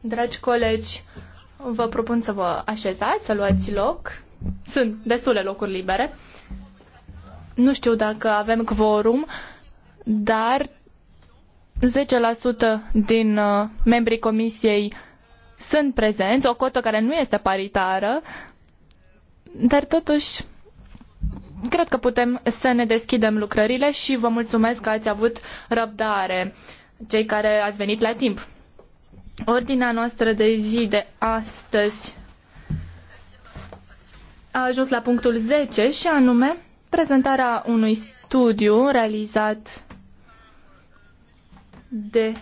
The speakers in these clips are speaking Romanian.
Dragi colegi, vă propun să vă așezați, să luați loc. Sunt destule locuri libere. Nu știu dacă avem quorum, dar 10% din uh, membrii comisiei sunt prezenți, o cotă care nu este paritară, dar totuși cred că putem să ne deschidem lucrările și vă mulțumesc că ați avut răbdare, cei care ați venit la timp. Ordinea noastră de zi de astăzi a ajuns la punctul 10 și anume prezentarea unui studiu realizat de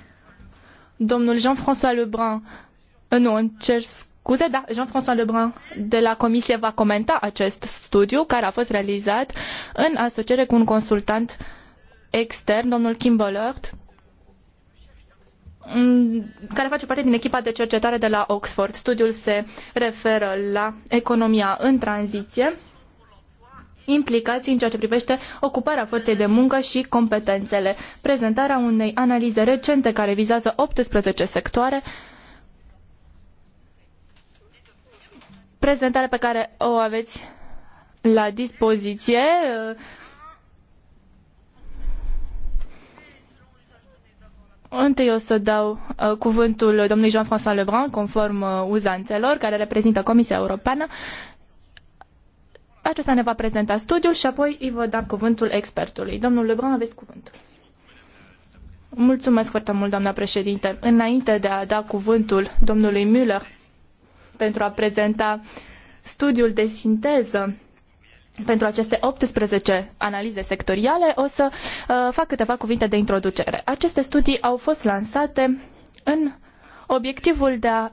domnul Jean-François Lebrun. Eh, nu, îmi cer scuze, da, Jean-François Lebrun de la Comisie va comenta acest studiu care a fost realizat în asociere cu un consultant extern, domnul Kim care face parte din echipa de cercetare de la Oxford. Studiul se referă la economia în tranziție, implicații în ceea ce privește ocuparea forței de muncă și competențele, prezentarea unei analize recente care vizează 18 sectoare, prezentare pe care o aveți la dispoziție. Întâi o să dau uh, cuvântul domnului Jean-François Lebrun, conform uh, uzanțelor, care reprezintă Comisia Europeană. Acesta ne va prezenta studiul și apoi îi voi da cuvântul expertului. Domnul Lebrun, aveți cuvântul. Mulțumesc foarte mult, doamna președinte. Înainte de a da cuvântul domnului Müller pentru a prezenta studiul de sinteză pentru aceste 18 analize sectoriale, o să uh, fac câteva cuvinte de introducere. Aceste studii au fost lansate în obiectivul de a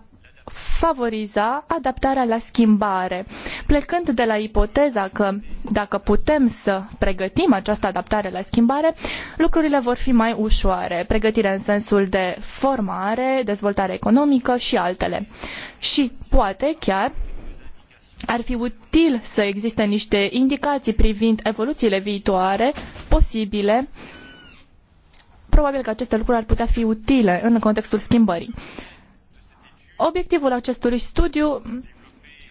favoriza adaptarea la schimbare, plecând de la ipoteza că dacă putem să pregătim această adaptare la schimbare, lucrurile vor fi mai ușoare, pregătire în sensul de formare, dezvoltare economică și altele. Și poate chiar ar fi util să existe niște indicații privind evoluțiile viitoare posibile. Probabil că aceste lucruri ar putea fi utile în contextul schimbării. Obiectivul acestui studiu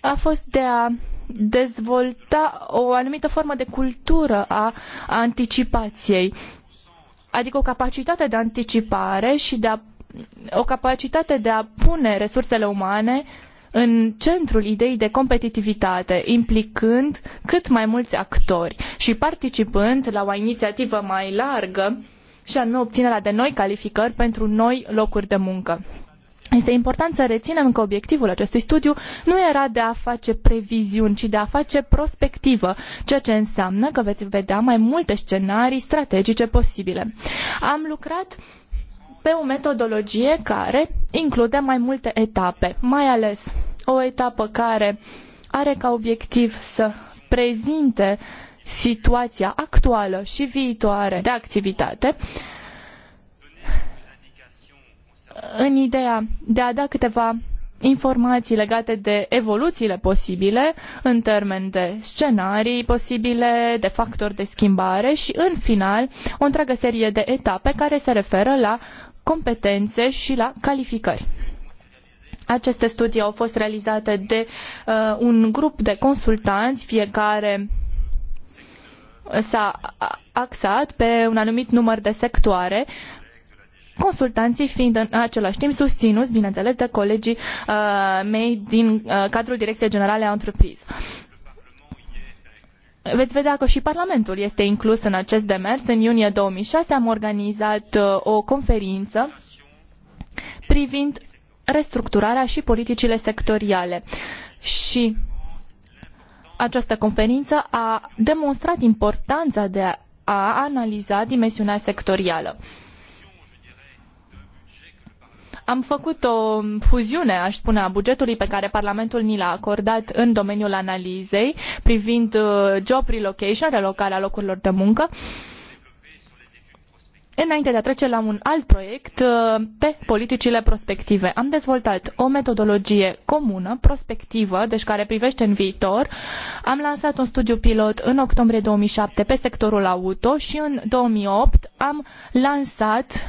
a fost de a dezvolta o anumită formă de cultură a anticipației, adică o capacitate de anticipare și de a, o capacitate de a pune resursele umane în centrul ideii de competitivitate, implicând cât mai mulți actori și participând la o inițiativă mai largă și anume obținerea de noi calificări pentru noi locuri de muncă. Este important să reținem că obiectivul acestui studiu nu era de a face previziuni, ci de a face prospectivă, ceea ce înseamnă că veți vedea mai multe scenarii strategice posibile. Am lucrat pe o metodologie care include mai multe etape, mai ales o etapă care are ca obiectiv să prezinte situația actuală și viitoare de activitate în ideea de a da câteva informații legate de evoluțiile posibile în termen de scenarii posibile, de factori de schimbare și, în final, o întreagă serie de etape care se referă la competențe și la calificări. Aceste studii au fost realizate de uh, un grup de consultanți, fiecare s-a axat pe un anumit număr de sectoare, consultanții fiind în același timp susținuți, bineînțeles, de colegii uh, mei din uh, cadrul Direcției Generale a Întreprise. Veți vedea că și Parlamentul este inclus în acest demers. În iunie 2006 am organizat uh, o conferință privind restructurarea și politicile sectoriale. Și această conferință a demonstrat importanța de a, analiza dimensiunea sectorială. Am făcut o fuziune, aș spune, a bugetului pe care Parlamentul ni l-a acordat în domeniul analizei privind uh, job relocation, relocarea locurilor de muncă, uh, înainte de a trece la un alt proiect uh, pe politicile prospective. Am dezvoltat o metodologie comună, prospectivă, deci care privește în viitor. Am lansat un studiu pilot în octombrie 2007 pe sectorul auto și în 2008 am lansat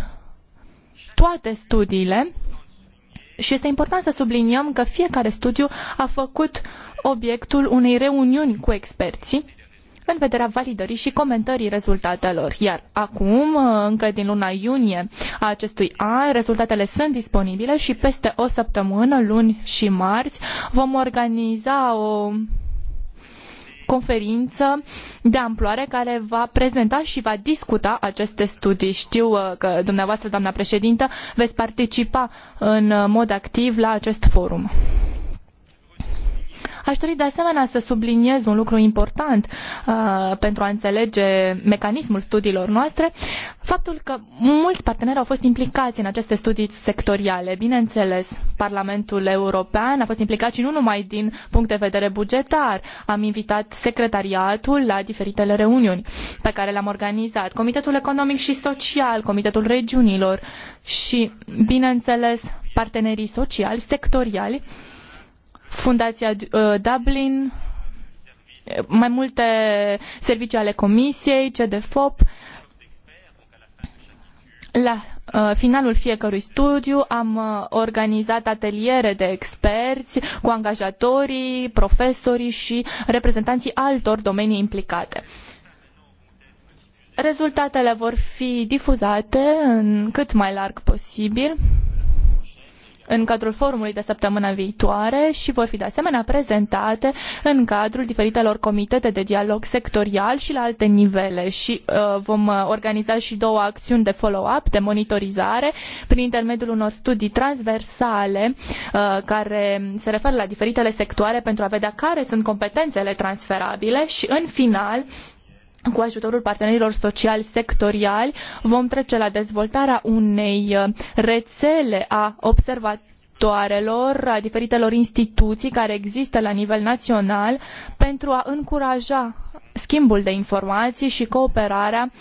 toate studiile și este important să subliniem că fiecare studiu a făcut obiectul unei reuniuni cu experții în vederea validării și comentării rezultatelor. Iar acum, uh, încă din luna iunie a acestui an, rezultatele sunt disponibile și peste o săptămână, luni și marți, vom organiza o conferință de amploare care va prezenta și va discuta aceste studii. Știu uh, că dumneavoastră, doamna președintă, veți participa în uh, mod activ la acest forum. Aș dori de asemenea să subliniez un lucru important uh, pentru a înțelege mecanismul studiilor noastre, faptul că mulți parteneri au fost implicați în aceste studii sectoriale. Bineînțeles, Parlamentul European a fost implicat și nu numai din punct de vedere bugetar. Am invitat secretariatul la diferitele reuniuni pe care le-am organizat, Comitetul Economic și Social, Comitetul Regiunilor și, bineînțeles, partenerii sociali, sectoriali, uh, Fundația uh, Dublin, mai multe servicii ale Comisiei, CDFOP. La uh, finalul fiecărui studiu am uh, organizat ateliere de experți cu angajatorii, profesorii și reprezentanții altor domenii implicate. Rezultatele vor fi difuzate în cât mai larg posibil în cadrul forumului de săptămâna viitoare și vor fi de asemenea prezentate în cadrul diferitelor comitete de dialog sectorial și la alte nivele și uh, vom uh, organiza și două acțiuni de follow-up, de monitorizare prin intermediul unor studii transversale uh, care se referă la diferitele sectoare pentru a vedea care sunt competențele transferabile și în final cu ajutorul partenerilor sociali sectoriali vom trece la dezvoltarea unei uh, rețele a observatoarelor, a diferitelor instituții care există la nivel național pentru a încuraja schimbul de informații și cooperarea uh,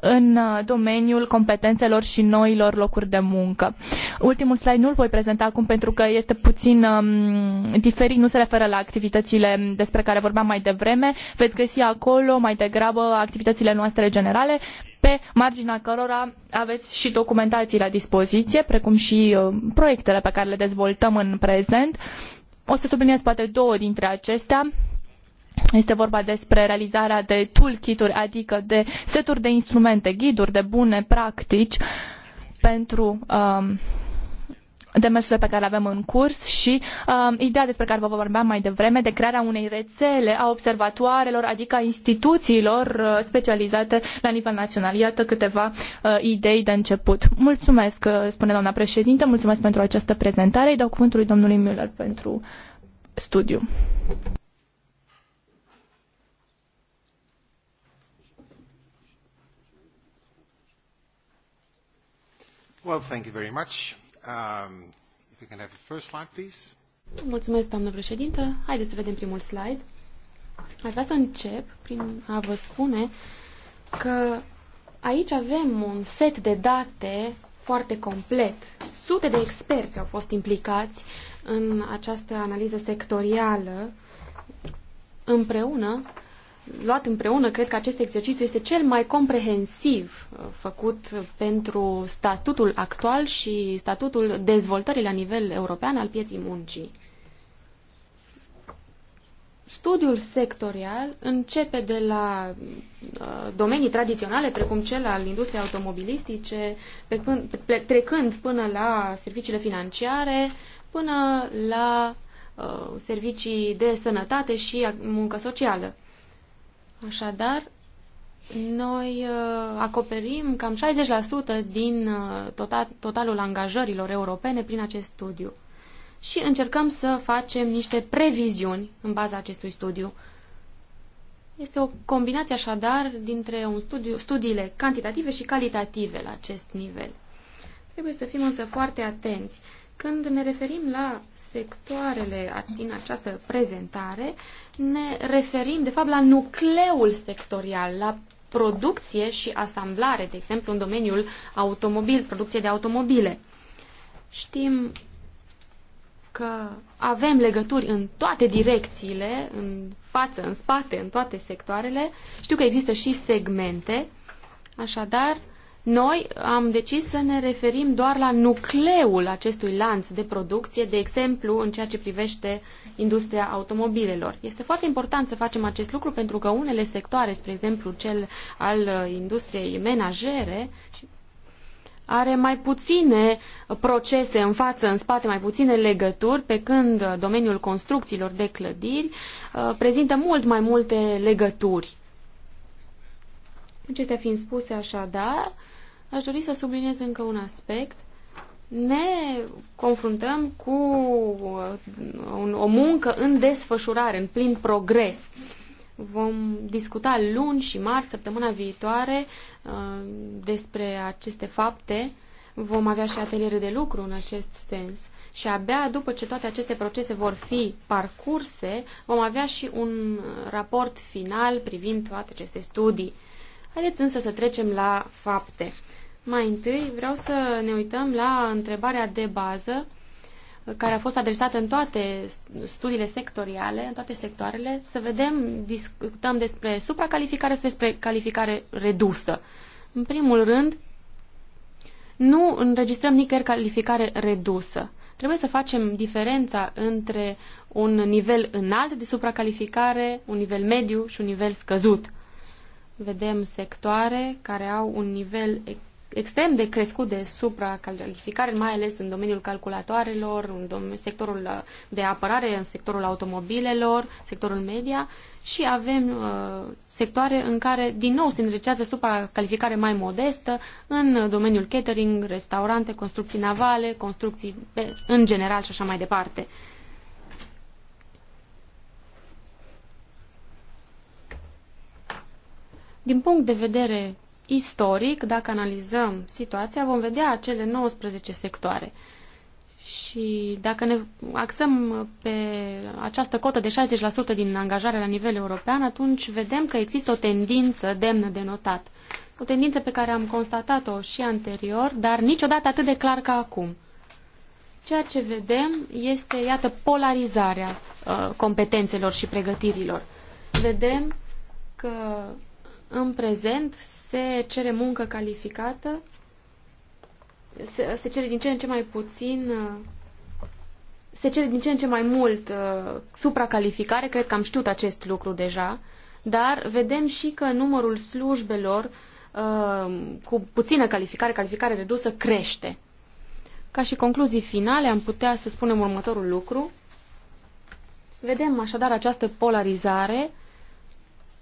în uh, domeniul competențelor și noilor locuri de muncă. Ultimul slide nu-l voi prezenta acum pentru că este puțin um, diferit, nu se referă la activitățile despre care vorbeam mai devreme. Veți găsi acolo mai degrabă activitățile noastre generale pe marginea cărora aveți și documentații la dispoziție, precum și uh, proiectele pe care le dezvoltăm în prezent. O să subliniez poate două dintre acestea. Este vorba despre realizarea de toolkit-uri, adică de seturi de instrumente, ghiduri de bune practici pentru um, demersurile pe care le avem în curs și um, ideea despre care vă vorbeam mai devreme de crearea unei rețele a observatoarelor, adică a instituțiilor uh, specializate la nivel național. Iată câteva uh, idei de început. Mulțumesc, uh, spune doamna președinte, mulțumesc pentru această prezentare. Îi dau cuvântul lui domnului Müller pentru studiu. Well, thank you very much. Um, if we can have the first slide, please. Mulțumesc, doamnă președintă. Haideți să vedem primul slide. Aș vrea să încep prin a vă spune că aici avem un set de date foarte complet. Sute de experți au fost implicați în această analiză sectorială împreună luat împreună, cred că acest exercițiu este cel mai comprehensiv uh, făcut pentru statutul actual și statutul dezvoltării la nivel european al pieții muncii. Studiul sectorial începe de la uh, domenii tradiționale, precum cel al industriei automobilistice, trecând până la serviciile financiare, până la uh, servicii de sănătate și muncă socială. Așadar, noi uh, acoperim cam 60% din uh, total, totalul angajărilor europene prin acest studiu. Și încercăm să facem niște previziuni în baza acestui studiu. Este o combinație așadar dintre un studiu, studiile cantitative și calitative la acest nivel. Trebuie să fim însă foarte atenți când ne referim la sectoarele din această prezentare, ne referim, de fapt, la nucleul sectorial, la producție și asamblare, de exemplu, în domeniul automobil, producție de automobile. Știm că avem legături în toate direcțiile, în față, în spate, în toate sectoarele. Știu că există și segmente, așadar, uh, noi am decis să ne referim doar la nucleul acestui lanț de producție, de exemplu în ceea ce privește industria automobilelor. Este foarte important să facem acest lucru pentru că unele sectoare, spre exemplu cel al uh, industriei menajere, are mai puține uh, procese în față, în spate, mai puține legături, pe când uh, domeniul construcțiilor de clădiri prezintă mult mai multe legături. Acestea fiind spuse așadar, aș dori să subliniez încă un aspect. Ne confruntăm cu uh, o muncă în desfășurare, în plin progres. Vom discuta luni și marți, săptămâna viitoare, uh, despre aceste fapte. Vom avea și ateliere de lucru în acest sens. Și abia după ce toate aceste procese vor fi parcurse, vom avea și un raport final privind toate aceste studii. Haideți însă să trecem la fapte. Mai întâi vreau să ne uităm la întrebarea de bază care a fost adresată în toate studiile sectoriale, în toate sectoarele, să vedem, discutăm despre supracalificare sau despre calificare redusă. În primul rând, nu înregistrăm nicăieri calificare redusă. Trebuie să facem diferența între un nivel înalt de supracalificare, un nivel mediu și un nivel scăzut. Vedem sectoare care au un nivel extrem de crescut de supracalificare, mai ales în domeniul calculatoarelor, în domeniul, sectorul uh, de apărare, în sectorul automobilelor, sectorul media și avem uh, sectoare în care din nou se înrecează supracalificare mai modestă în domeniul catering, restaurante, construcții navale, construcții pe, în general și așa mai departe. Din punct de vedere istoric, dacă analizăm situația, vom vedea acele 19 sectoare. Și dacă ne axăm pe această cotă de 60% din angajare la nivel european, atunci vedem că există o tendință demnă de notat. O tendință pe care am constatat-o și anterior, dar niciodată atât de clar ca acum. Ceea ce vedem este, iată, polarizarea uh, competențelor și pregătirilor. Vedem că în prezent se cere muncă calificată, se, se cere din ce în ce mai puțin, se cere din ce în ce mai mult uh, supracalificare, cred că am știut acest lucru deja, dar vedem și că numărul slujbelor uh, cu puțină calificare, calificare redusă, crește. Ca și concluzii finale am putea să spunem următorul lucru. Vedem așadar această polarizare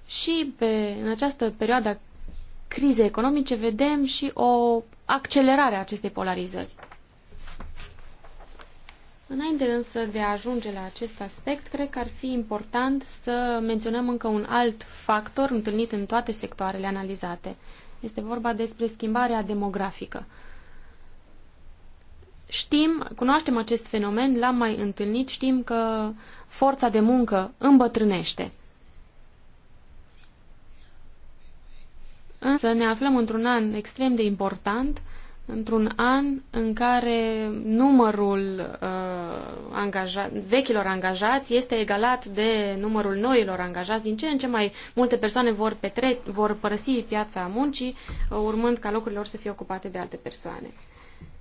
și pe, în această perioadă Crize economice vedem și o accelerare a acestei polarizări. Înainte însă de a ajunge la acest aspect, cred că ar fi important să menționăm încă un alt factor întâlnit în toate sectoarele analizate. Este vorba despre schimbarea demografică. Știm, cunoaștem acest fenomen, l-am mai întâlnit, știm că forța de muncă îmbătrânește. Însă ne aflăm într-un an extrem de important, într-un an în care numărul uh, angaja- vechilor angajați este egalat de numărul noilor angajați. Din ce în ce mai multe persoane vor, petre- vor părăsi piața muncii, uh, urmând ca locurile lor să fie ocupate de alte persoane.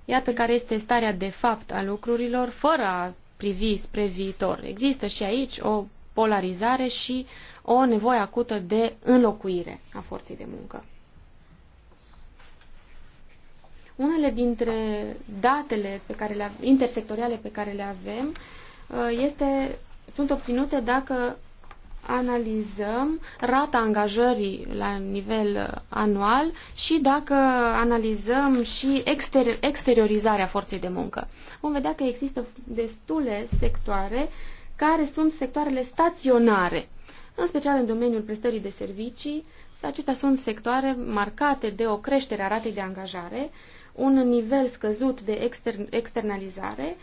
Iată care este starea de fapt a lucrurilor, fără a privi spre viitor. Există și aici o polarizare și o nevoie acută de înlocuire a forței de muncă. Unele dintre datele pe care le, intersectoriale pe care le avem uh, este, sunt obținute dacă analizăm rata angajării la nivel uh, anual și dacă analizăm și exter- exteriorizarea forței de muncă. Vom vedea că există destule sectoare care sunt sectoarele staționare, în special în domeniul prestării de servicii. Acestea sunt sectoare marcate de o creștere a ratei de angajare un nivel scăzut de extern, externalizare,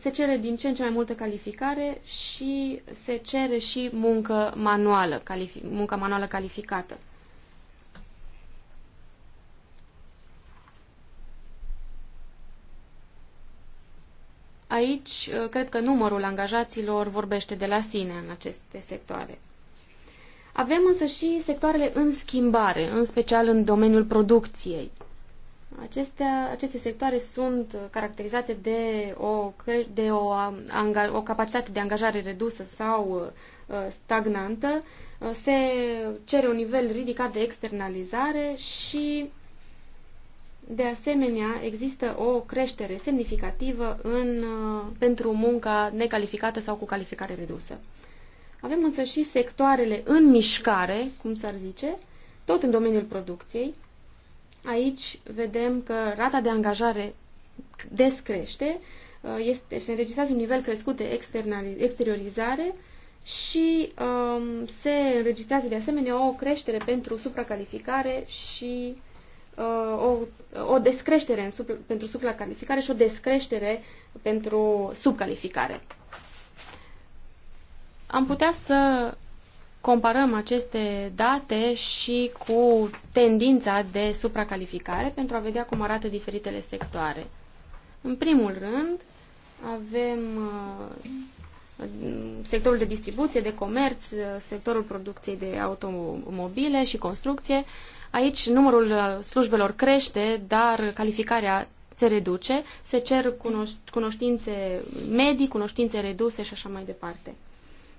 se cere din ce în ce mai multă calificare și se cere și muncă manuală, calific, munca manuală calificată. Aici, uh, cred că numărul angajaților vorbește de la sine în aceste sectoare. Avem însă și sectoarele în schimbare, în special în domeniul producției. Acestea, aceste sectoare sunt caracterizate de, o, de o, o capacitate de angajare redusă sau uh, stagnantă, uh, se cere un nivel ridicat de externalizare și, de asemenea, există o creștere semnificativă în, uh, pentru munca necalificată sau cu calificare redusă. Avem însă și sectoarele în mișcare, cum s-ar zice, tot în domeniul producției, Aici vedem că rata de angajare descrește, uh, este, se înregistrează un nivel crescut de exteriorizare și um, se înregistrează de asemenea o creștere pentru supracalificare și uh, o, o descreștere în sub, pentru supracalificare și o descreștere pentru subcalificare. Am putea să comparăm aceste date și cu tendința de supracalificare pentru a vedea cum arată diferitele sectoare. În primul rând, avem uh, sectorul de distribuție, de comerț, uh, sectorul producției de automobile și construcție. Aici numărul uh, slujbelor crește, dar calificarea se reduce, se cer cunoștințe medii, cunoștințe reduse și așa mai departe.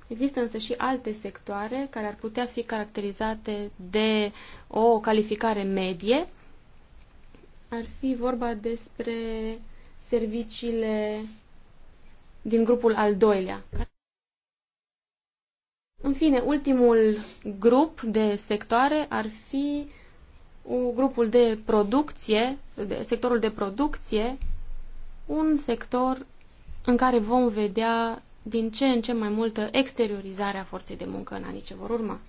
Există însă și alte sectoare care ar putea fi caracterizate de o calificare medie. Ar fi vorba despre serviciile din grupul al doilea. În fine, ultimul grup de sectoare ar fi grupul de producție, de, sectorul de producție, un sector în care vom vedea din ce în ce mai multă exteriorizare a forței de muncă în anii ce vor urma.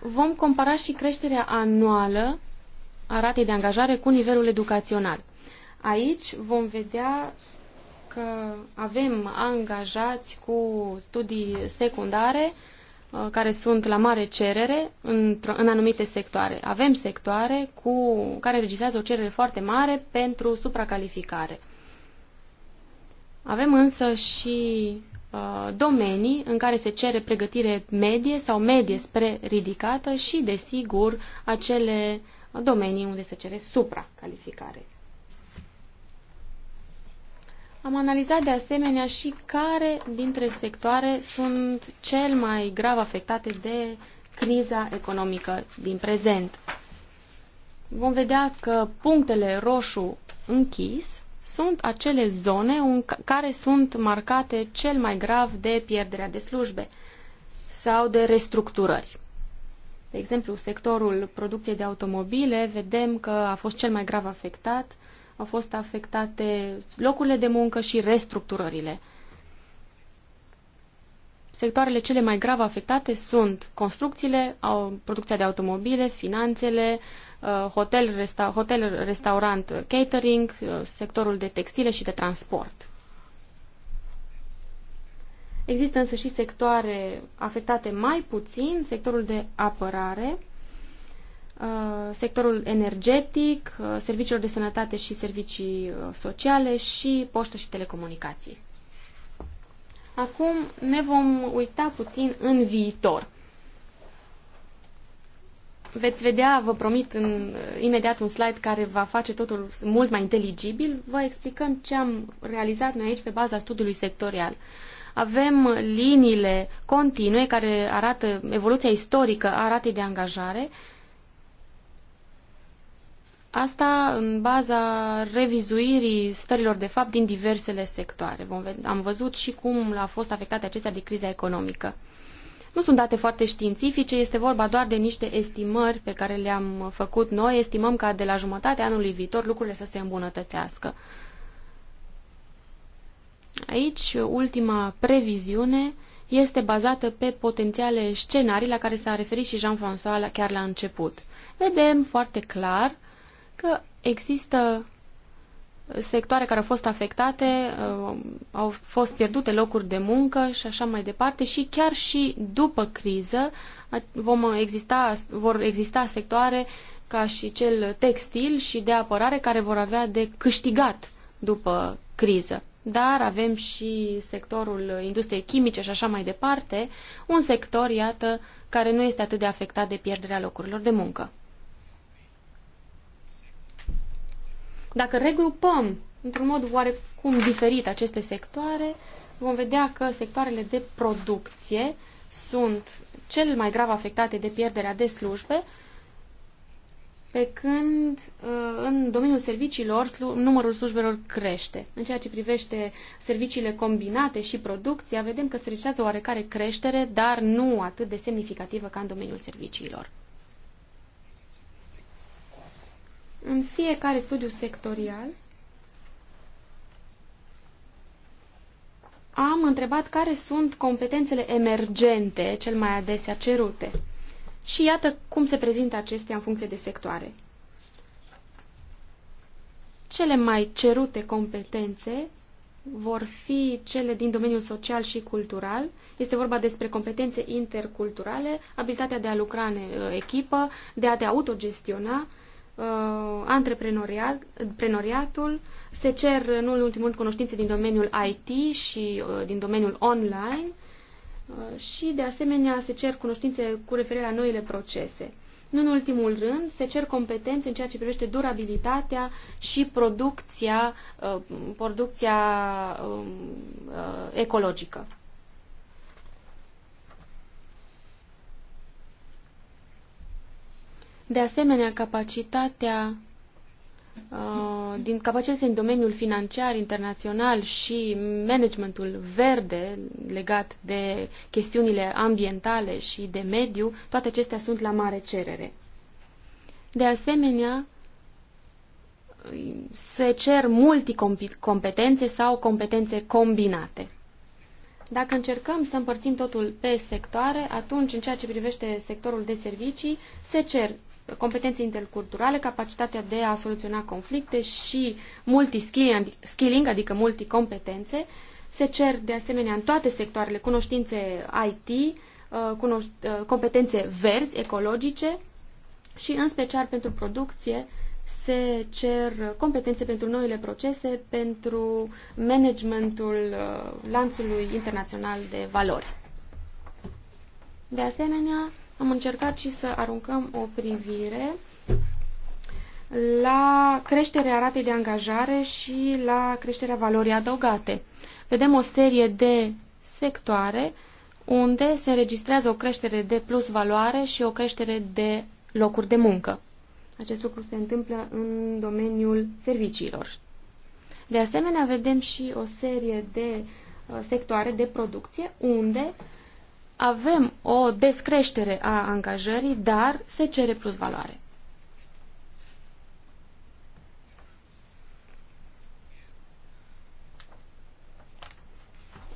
Vom compara și creșterea anuală a ratei de angajare cu nivelul educațional. Aici vom vedea că avem angajați cu studii secundare Uh, care sunt la mare cerere în, anumite sectoare. Avem sectoare cu, care registrează o cerere foarte mare pentru supracalificare. Avem însă și uh, domenii în care se cere pregătire medie sau medie spre ridicată și, desigur, acele domenii unde se cere supracalificare. Am analizat de asemenea și care dintre sectoare sunt cel mai grav afectate de criza economică din prezent. Vom vedea că punctele roșu închis sunt acele zone care sunt marcate cel mai grav de pierderea de slujbe sau de restructurări. De exemplu, sectorul producției de automobile, vedem că a fost cel mai grav afectat uh, au fost afectate locurile de muncă și restructurările. Sectoarele cele mai grav afectate sunt construcțiile, producția de automobile, finanțele, uh, hotel, resta, hotel restaurant, uh, catering, uh, sectorul de textile și de transport. Există însă și sectoare afectate mai puțin, sectorul de apărare, Uh, sectorul energetic, uh, serviciilor de sănătate și servicii uh, sociale și poștă și telecomunicații. Acum ne vom uita puțin în viitor. Veți vedea, vă promit, în, imediat un slide care va face totul mult mai inteligibil. Vă explicăm ce am realizat noi aici pe baza studiului sectorial. Avem liniile continue care arată evoluția istorică a ratei de angajare, uh, Asta în baza revizuirii stărilor de fapt din diversele sectoare. Vom am văzut și cum a fost afectate acestea de criza economică. Nu sunt date foarte științifice, este vorba doar de niște estimări pe care le-am făcut noi. Estimăm ca de la jumătatea anului viitor lucrurile să se îmbunătățească. Aici, ultima previziune este bazată pe potențiale scenarii la care s-a referit și Jean-François chiar la început. Vedem foarte clar că există sectoare care au fost afectate, uh, au fost pierdute locuri de muncă și așa mai departe și chiar și după criză vom exista, vor exista sectoare ca și cel textil și de apărare care vor avea de câștigat după criză. Dar avem și sectorul industriei chimice și așa mai departe, un sector, iată, care nu este atât de afectat de pierderea locurilor de muncă. Dacă regrupăm într-un mod oarecum diferit aceste sectoare, vom vedea că sectoarele de producție sunt cel mai grav afectate de pierderea de slujbe, pe când uh, în domeniul serviciilor numărul slujbelor crește. În ceea ce privește serviciile combinate și producția, vedem că se o oarecare creștere, dar nu atât de semnificativă ca în domeniul serviciilor. în fiecare studiu sectorial am întrebat care sunt competențele emergente cel mai adesea cerute. Și iată cum se prezintă acestea în funcție de sectoare. Cele mai cerute competențe vor fi cele din domeniul social și cultural. Este vorba despre competențe interculturale, abilitatea de a lucra în uh, echipă, de a te autogestiona, Uh, antreprenoriatul, se cer, nu în ultimul rând, cunoștințe din domeniul IT și uh, din domeniul online uh, și, de asemenea, se cer cunoștințe cu referire la noile procese. Nu în ultimul rând, se cer competențe în ceea ce privește durabilitatea și producția, producția um, ecologică. De asemenea, capacitatea uh, din capacitățile în domeniul financiar internațional și managementul verde legat de chestiunile ambientale și de mediu, toate acestea sunt la mare cerere. De asemenea, se cer multicompetențe sau competențe combinate. Dacă încercăm să împărțim totul pe sectoare, atunci, în ceea ce privește sectorul de servicii, se cer competențe interculturale, capacitatea de a soluționa conflicte și multi skilling, adică multicompetențe. Se cer de asemenea în toate sectoarele cunoștințe IT, uh, uh, competențe verzi, ecologice și în special pentru producție se cer competențe pentru noile procese, pentru managementul uh, lanțului internațional de valori. De asemenea, am încercat și să aruncăm o privire la creșterea ratei de angajare și la creșterea valorii adăugate. Vedem o serie de sectoare unde se înregistrează o creștere de plus valoare și o creștere de locuri de muncă. Acest lucru se întâmplă în domeniul serviciilor. De asemenea, vedem și o serie de uh, sectoare de producție unde avem o descreștere a angajării, dar se cere plus valoare.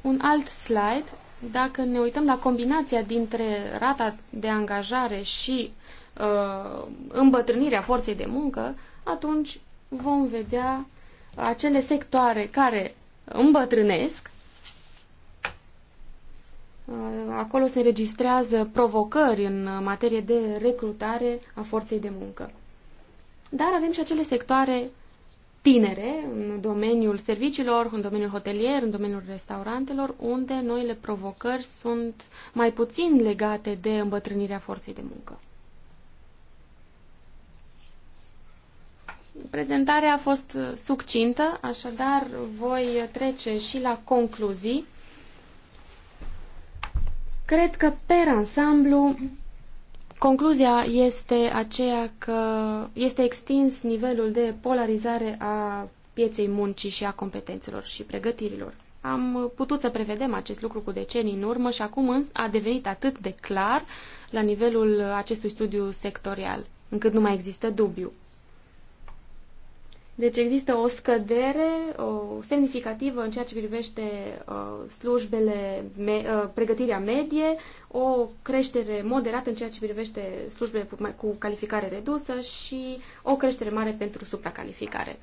Un alt slide, dacă ne uităm la combinația dintre rata de angajare și uh, îmbătrânirea forței de muncă, atunci vom vedea acele sectoare care îmbătrânesc Uh, acolo se înregistrează provocări în materie de recrutare a forței de muncă. Dar avem și acele sectoare tinere în domeniul serviciilor, în domeniul hotelier, în domeniul restaurantelor, unde noile provocări sunt mai puțin legate de îmbătrânirea forței de muncă. Prezentarea a fost succintă, așadar voi trece și la concluzii. Cred că, per ansamblu, concluzia este aceea că este extins nivelul de polarizare a pieței muncii și a competențelor și pregătirilor. Am putut să prevedem acest lucru cu decenii în urmă și acum însă a devenit atât de clar la nivelul acestui studiu sectorial, încât nu mai există dubiu. Deci există o scădere o, semnificativă în ceea ce privește uh, slujbele, me, uh, pregătirea medie, o creștere moderată în ceea ce privește slujbele cu, calificare redusă și o creștere mare pentru supracalificare.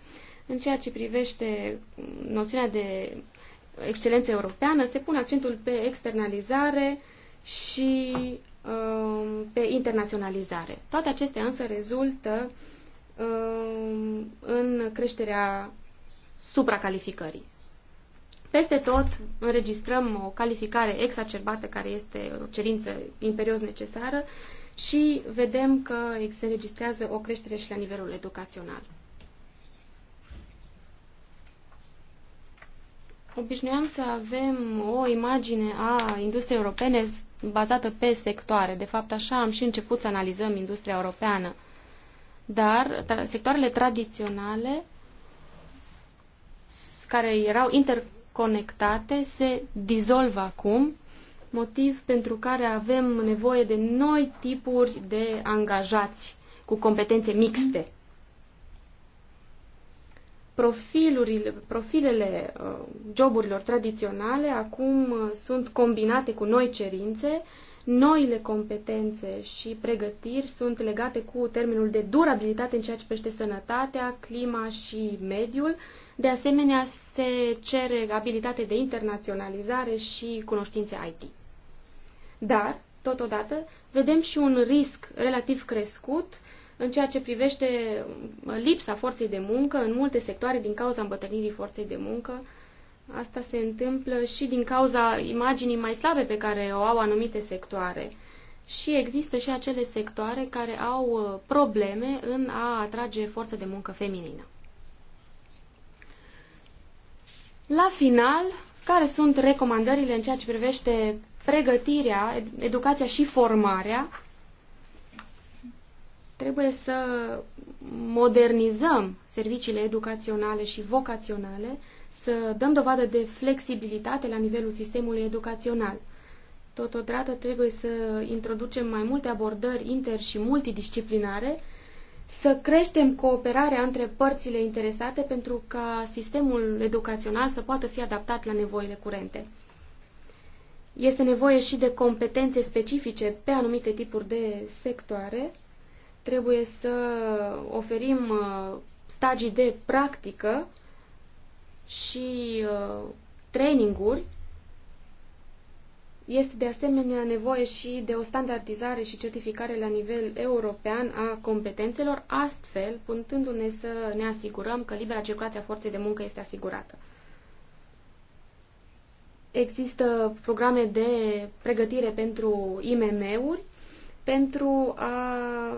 În ceea ce privește noțiunea de excelență europeană, se pune accentul pe externalizare și uh, pe internaționalizare. Toate acestea însă rezultă uh, Uh, în creșterea supracalificării. Peste tot înregistrăm o calificare exacerbată care este o cerință imperios necesară și vedem că se înregistrează o creștere și la nivelul educațional. Obișnuiam să avem o imagine a industriei europene bazată pe sectoare. De fapt, așa am și început să analizăm industria europeană dar sectoarele tradiționale care erau interconectate se dizolvă acum, motiv pentru care avem nevoie de noi tipuri de angajați cu competențe mixte. Profilurile, profilele uh, joburilor tradiționale acum uh, sunt combinate cu noi cerințe Noile competențe și pregătiri sunt legate cu termenul de durabilitate în ceea ce privește sănătatea, clima și mediul. De asemenea, se cere abilitate de internaționalizare și cunoștințe IT. Dar, totodată, vedem și un risc relativ crescut în ceea ce privește lipsa forței de muncă în multe sectoare din cauza îmbătrânirii forței de muncă, Asta se întâmplă și din cauza imaginii mai slabe pe care o au anumite sectoare. Și există și acele sectoare care au uh, probleme în a atrage forță de muncă feminină. La final, care sunt recomandările în ceea ce privește pregătirea, educația și formarea? Trebuie să modernizăm serviciile educaționale și vocaționale să dăm dovadă de flexibilitate la nivelul sistemului educațional. Totodată trebuie să introducem mai multe abordări inter- și multidisciplinare, să creștem cooperarea între părțile interesate pentru ca sistemul educațional să poată fi adaptat la nevoile curente. Este nevoie și de competențe specifice pe anumite tipuri de sectoare. Trebuie să oferim uh, stagii de practică și uh, traininguri, este de asemenea nevoie și de o standardizare și certificare la nivel european a competențelor, astfel puntându-ne să ne asigurăm că libera circulație a forței de muncă este asigurată. Există programe de pregătire pentru IMM-uri, pentru a,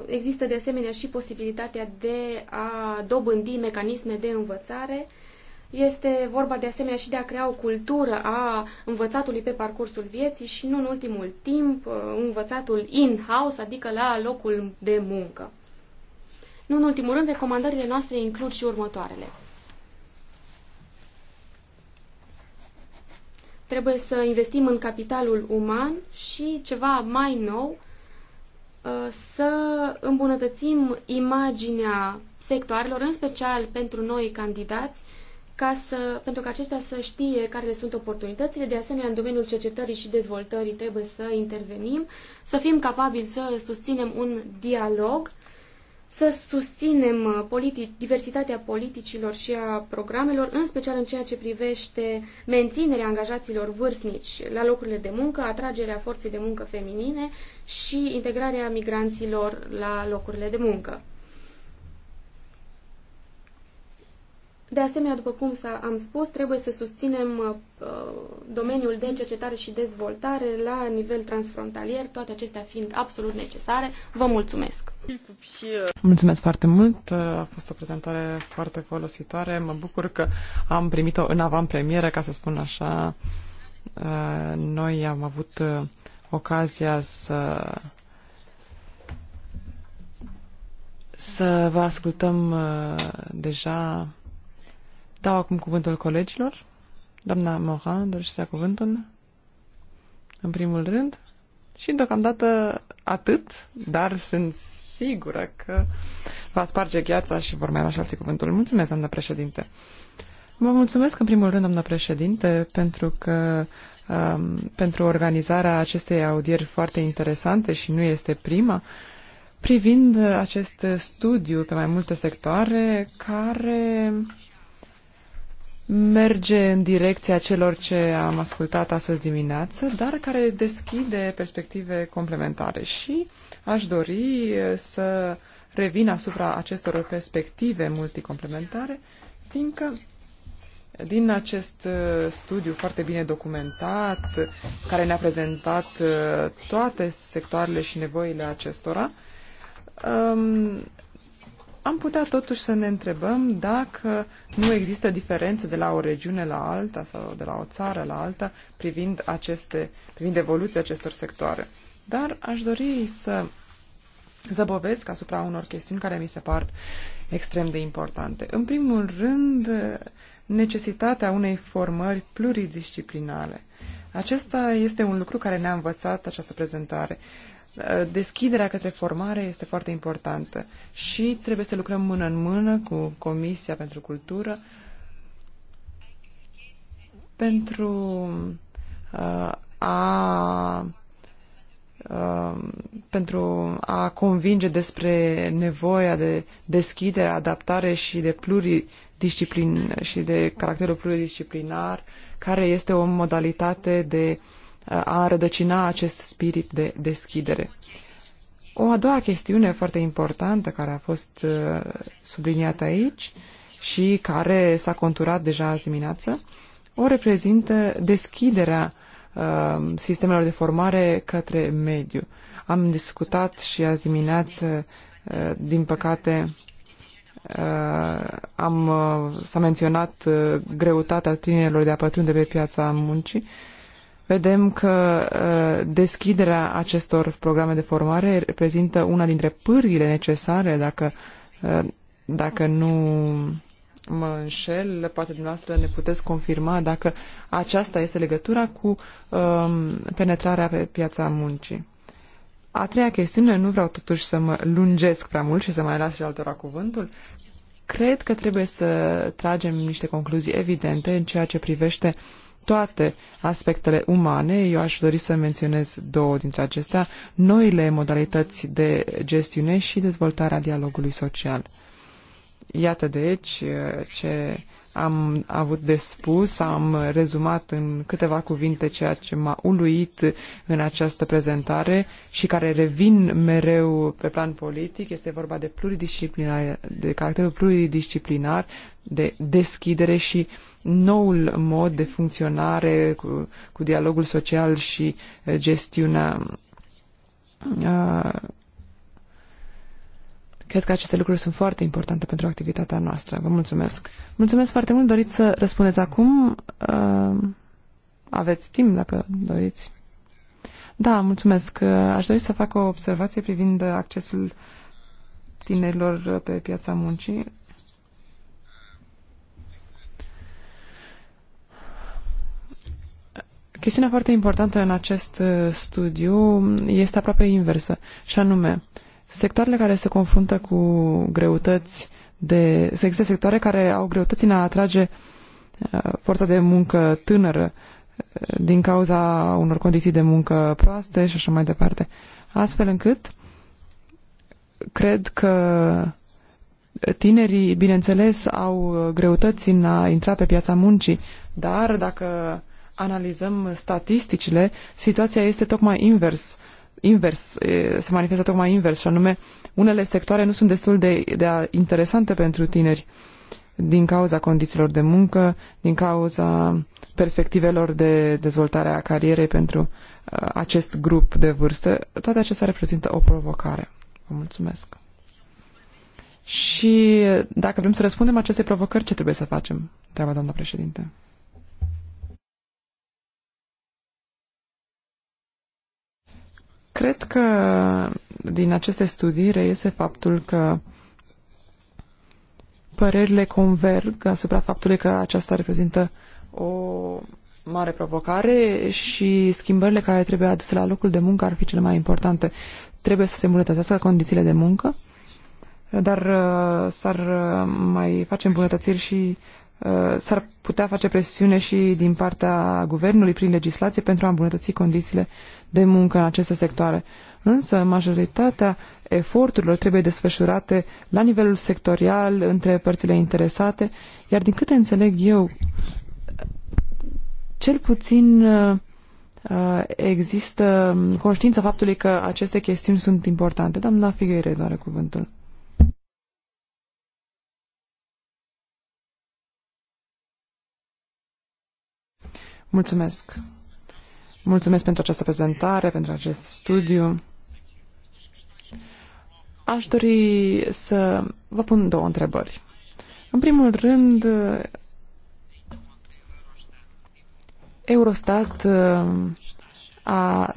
există de asemenea și posibilitatea de a dobândi mecanisme de învățare uh, este vorba de asemenea și de a crea o cultură a învățatului pe parcursul vieții și, nu în ultimul timp, uh, învățatul in-house, adică la locul de muncă. Nu în ultimul rând, recomandările noastre includ și următoarele. Trebuie să investim în capitalul uman și ceva mai nou, uh, să îmbunătățim imaginea sectoarelor, în special pentru noi candidați, ca să, pentru că acestea să știe care sunt oportunitățile. De asemenea, în domeniul cercetării și dezvoltării trebuie să intervenim, să fim capabili să susținem un dialog, să susținem uh, politic, diversitatea politicilor și a programelor, în special în ceea ce privește menținerea angajaților vârstnici la locurile de muncă, atragerea forței de muncă feminine și integrarea migranților la locurile de muncă. De asemenea, după cum am spus, trebuie să susținem uh, domeniul de cercetare și dezvoltare la nivel transfrontalier, toate acestea fiind absolut necesare. Vă mulțumesc! Mulțumesc foarte mult! Uh, a fost o prezentare foarte folositoare. Mă bucur că am primit-o în avant-premieră, ca să spun așa. Uh, noi am avut uh, ocazia să să vă ascultăm uh, deja Dau acum cuvântul colegilor. Doamna Moran dorește să cuvântul în primul rând. Și deocamdată atât, dar sunt sigură că va sparge gheața și vor mai lua și alții cuvântul. Mulțumesc, doamna președinte. Vă mulțumesc în primul rând, doamna președinte, pentru că um, pentru organizarea acestei audieri foarte interesante și nu este prima, privind acest studiu pe mai multe sectoare care merge în direcția celor ce am ascultat astăzi dimineață, dar care deschide perspective complementare și aș dori eh, să revin asupra acestor perspective multicomplementare, fiindcă din acest eh, studiu foarte bine documentat, care ne-a prezentat eh, toate sectoarele și nevoile acestora, ehm, am putea totuși să ne întrebăm dacă nu există diferențe de la o regiune la alta sau de la o țară la alta privind, aceste, privind evoluția acestor sectoare. Dar aș dori să zăbovesc asupra unor chestiuni care mi se par extrem de importante. În primul rând, necesitatea unei formări pluridisciplinare. Acesta este un lucru care ne-a învățat această prezentare. Eh, deschiderea către formare este foarte importantă și trebuie să lucrăm mână în mână cu Comisia pentru Cultură pentru eh, a eh, pentru a convinge despre nevoia de deschidere, adaptare și de pluridisciplin și de caracterul pluridisciplinar, care este o modalitate de uh, a rădăcina acest spirit de deschidere. O a doua chestiune foarte importantă care a fost uh, subliniată aici și care s-a conturat deja azi dimineață, o reprezintă deschiderea uh, sistemelor de formare către mediu. Am discutat și azi dimineață, uh, din păcate, am, s-a menționat greutatea tinerilor de a pătrunde pe piața muncii vedem că uh, deschiderea acestor programe de formare reprezintă una dintre pârghile necesare, dacă, uh, dacă nu mă înșel, poate dumneavoastră ne puteți confirma dacă aceasta este legătura cu um, penetrarea pe piața muncii. A treia chestiune, nu vreau totuși să mă lungesc prea mult și să mai las și altora cuvântul, cred că trebuie să tragem niște concluzii evidente în ceea ce privește uh, toate aspectele umane. Eu aș dori să menționez două dintre acestea, noile modalități de gestiune și dezvoltarea dialogului social. Iată deci ce am avut de spus, am rezumat în câteva cuvinte ceea ce m-a uluit în această prezentare și care revin mereu pe plan politic. Este vorba de pluridisciplinar, de caracterul pluridisciplinar de deschidere și noul mod de funcționare cu, cu dialogul social și eh, gestiunea. Ah, cred că aceste lucruri sunt foarte importante pentru activitatea noastră. Vă mulțumesc. Mulțumesc foarte mult. Doriți să răspundeți acum? Ah, aveți timp dacă doriți. Da, mulțumesc. Aș dori să fac o observație privind accesul tinerilor pe piața muncii. Chestiunea foarte importantă în acest uh, studiu este aproape inversă, și anume, sectoarele care se confruntă cu greutăți de... Există sectoare care au greutăți în a atrage uh, forța de muncă tânără uh, din cauza unor condiții de muncă proaste și așa mai departe. Astfel încât cred că tinerii, bineînțeles, au greutăți în a intra pe piața muncii, dar dacă uh, analizăm statisticile, situația este tocmai invers. Invers, se manifestă tocmai invers, și anume, unele sectoare nu sunt destul de, de interesante pentru tineri din cauza condițiilor de muncă, din cauza perspectivelor de dezvoltare a carierei pentru uh, acest grup de vârstă. Toate acestea reprezintă o provocare. Vă mulțumesc. Și uh, dacă vrem să răspundem acestei provocări, ce trebuie să facem? Treaba doamna președinte. Cred că din aceste studii reiese faptul că părerile converg asupra faptului că aceasta reprezintă o mare provocare și schimbările care trebuie aduse la locul de muncă ar fi cele mai importante. Trebuie să se îmbunătățească condițiile de muncă, dar uh, s-ar uh, mai face îmbunătățiri și Uh, s-ar putea face presiune și din partea guvernului prin legislație pentru a îmbunătăți condițiile de muncă în aceste sectoare. Însă, majoritatea eforturilor trebuie desfășurate la nivelul sectorial, între părțile interesate, iar din câte înțeleg eu, cel puțin uh, uh, există conștiința faptului că aceste chestiuni sunt importante. Doamna Figueiredo are cuvântul. Mulțumesc. Mulțumesc pentru această prezentare, pentru acest studiu. Aș dori să vă pun două întrebări. În primul rând, Eurostat uh, a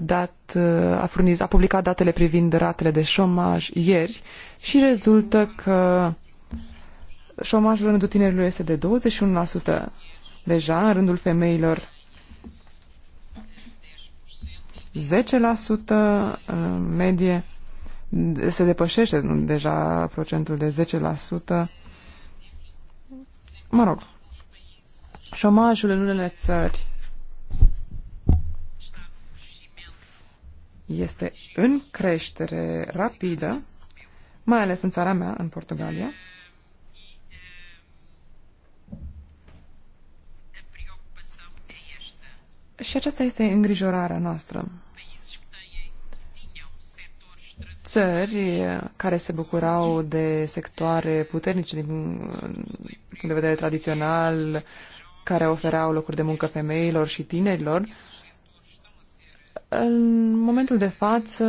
dat, uh, a, furniz, a publicat datele privind ratele de șomaj ieri și rezultă că șomajul în rândul tinerilor este de 21%, deja în rândul femeilor 10% uh, medie se depășește deja procentul de 10%. Mă rog, șomajul în unele țări este în creștere rapidă, mai ales în țara mea, în Portugalia. Și aceasta este îngrijorarea noastră. Țări care se bucurau de sectoare puternice din punct de vedere tradițional, care ofereau locuri de muncă femeilor și tinerilor, în momentul de față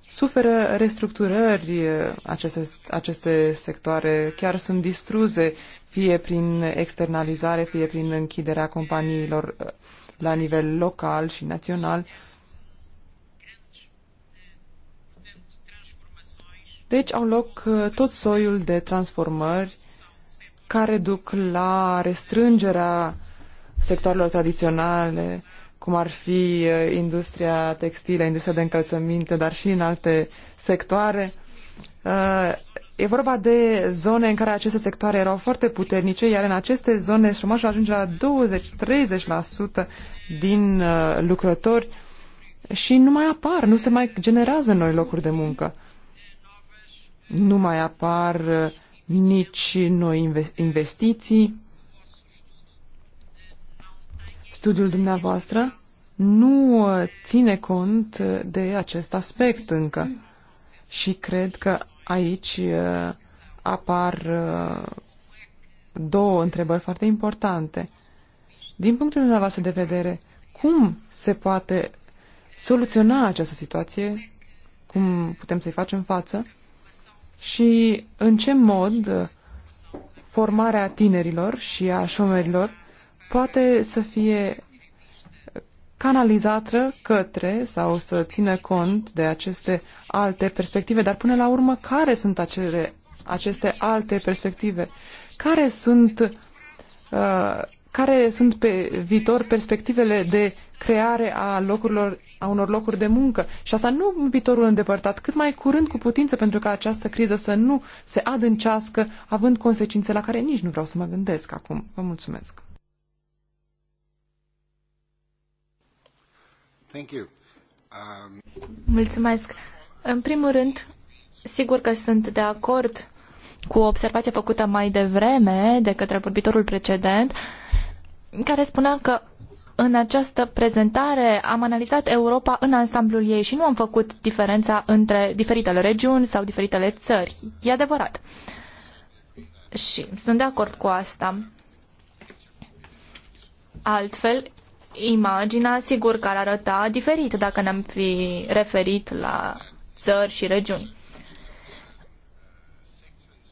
suferă restructurări aceste, aceste sectoare, chiar sunt distruse fie prin externalizare, fie prin închiderea companiilor uh, la nivel local și național. Deci au loc uh, tot soiul de transformări care duc la restrângerea sectoarelor tradiționale, cum ar fi uh, industria textilă, industria de încălțăminte, dar și în alte sectoare. E vorba de zone în care aceste sectoare erau foarte puternice, iar în aceste zone șomajul ajunge la 20-30% din uh, lucrători și nu mai apar, nu se mai generează noi locuri de muncă. Nu mai apar uh, nici noi investiții. Studiul dumneavoastră nu uh, ține cont de acest aspect încă și cred că Aici uh, apar uh, două întrebări foarte importante. Din punctul dumneavoastră de vedere, cum se poate soluționa această situație? Cum putem să-i facem față? Și în ce mod uh, formarea tinerilor și a șomerilor poate să fie canalizată către sau să țină cont de aceste alte perspective. Dar până la urmă, care sunt acele, aceste alte perspective? Care sunt, uh, care sunt pe viitor perspectivele de creare a locurilor a unor locuri de muncă și asta nu în viitorul îndepărtat, cât mai curând cu putință pentru ca această criză să nu se adâncească, având consecințe la care nici nu vreau să mă gândesc acum. Vă mulțumesc. Um, Mulțumesc. În primul rând, sigur că sunt de acord cu observația făcută mai devreme de către vorbitorul precedent, care spunea că în această prezentare am analizat Europa în ansamblul ei și nu am făcut diferența între diferitele regiuni sau diferitele țări. E adevărat. Și sunt de acord cu asta. Altfel, imaginea sigur că ar arăta diferit dacă ne-am fi referit la țări și regiuni.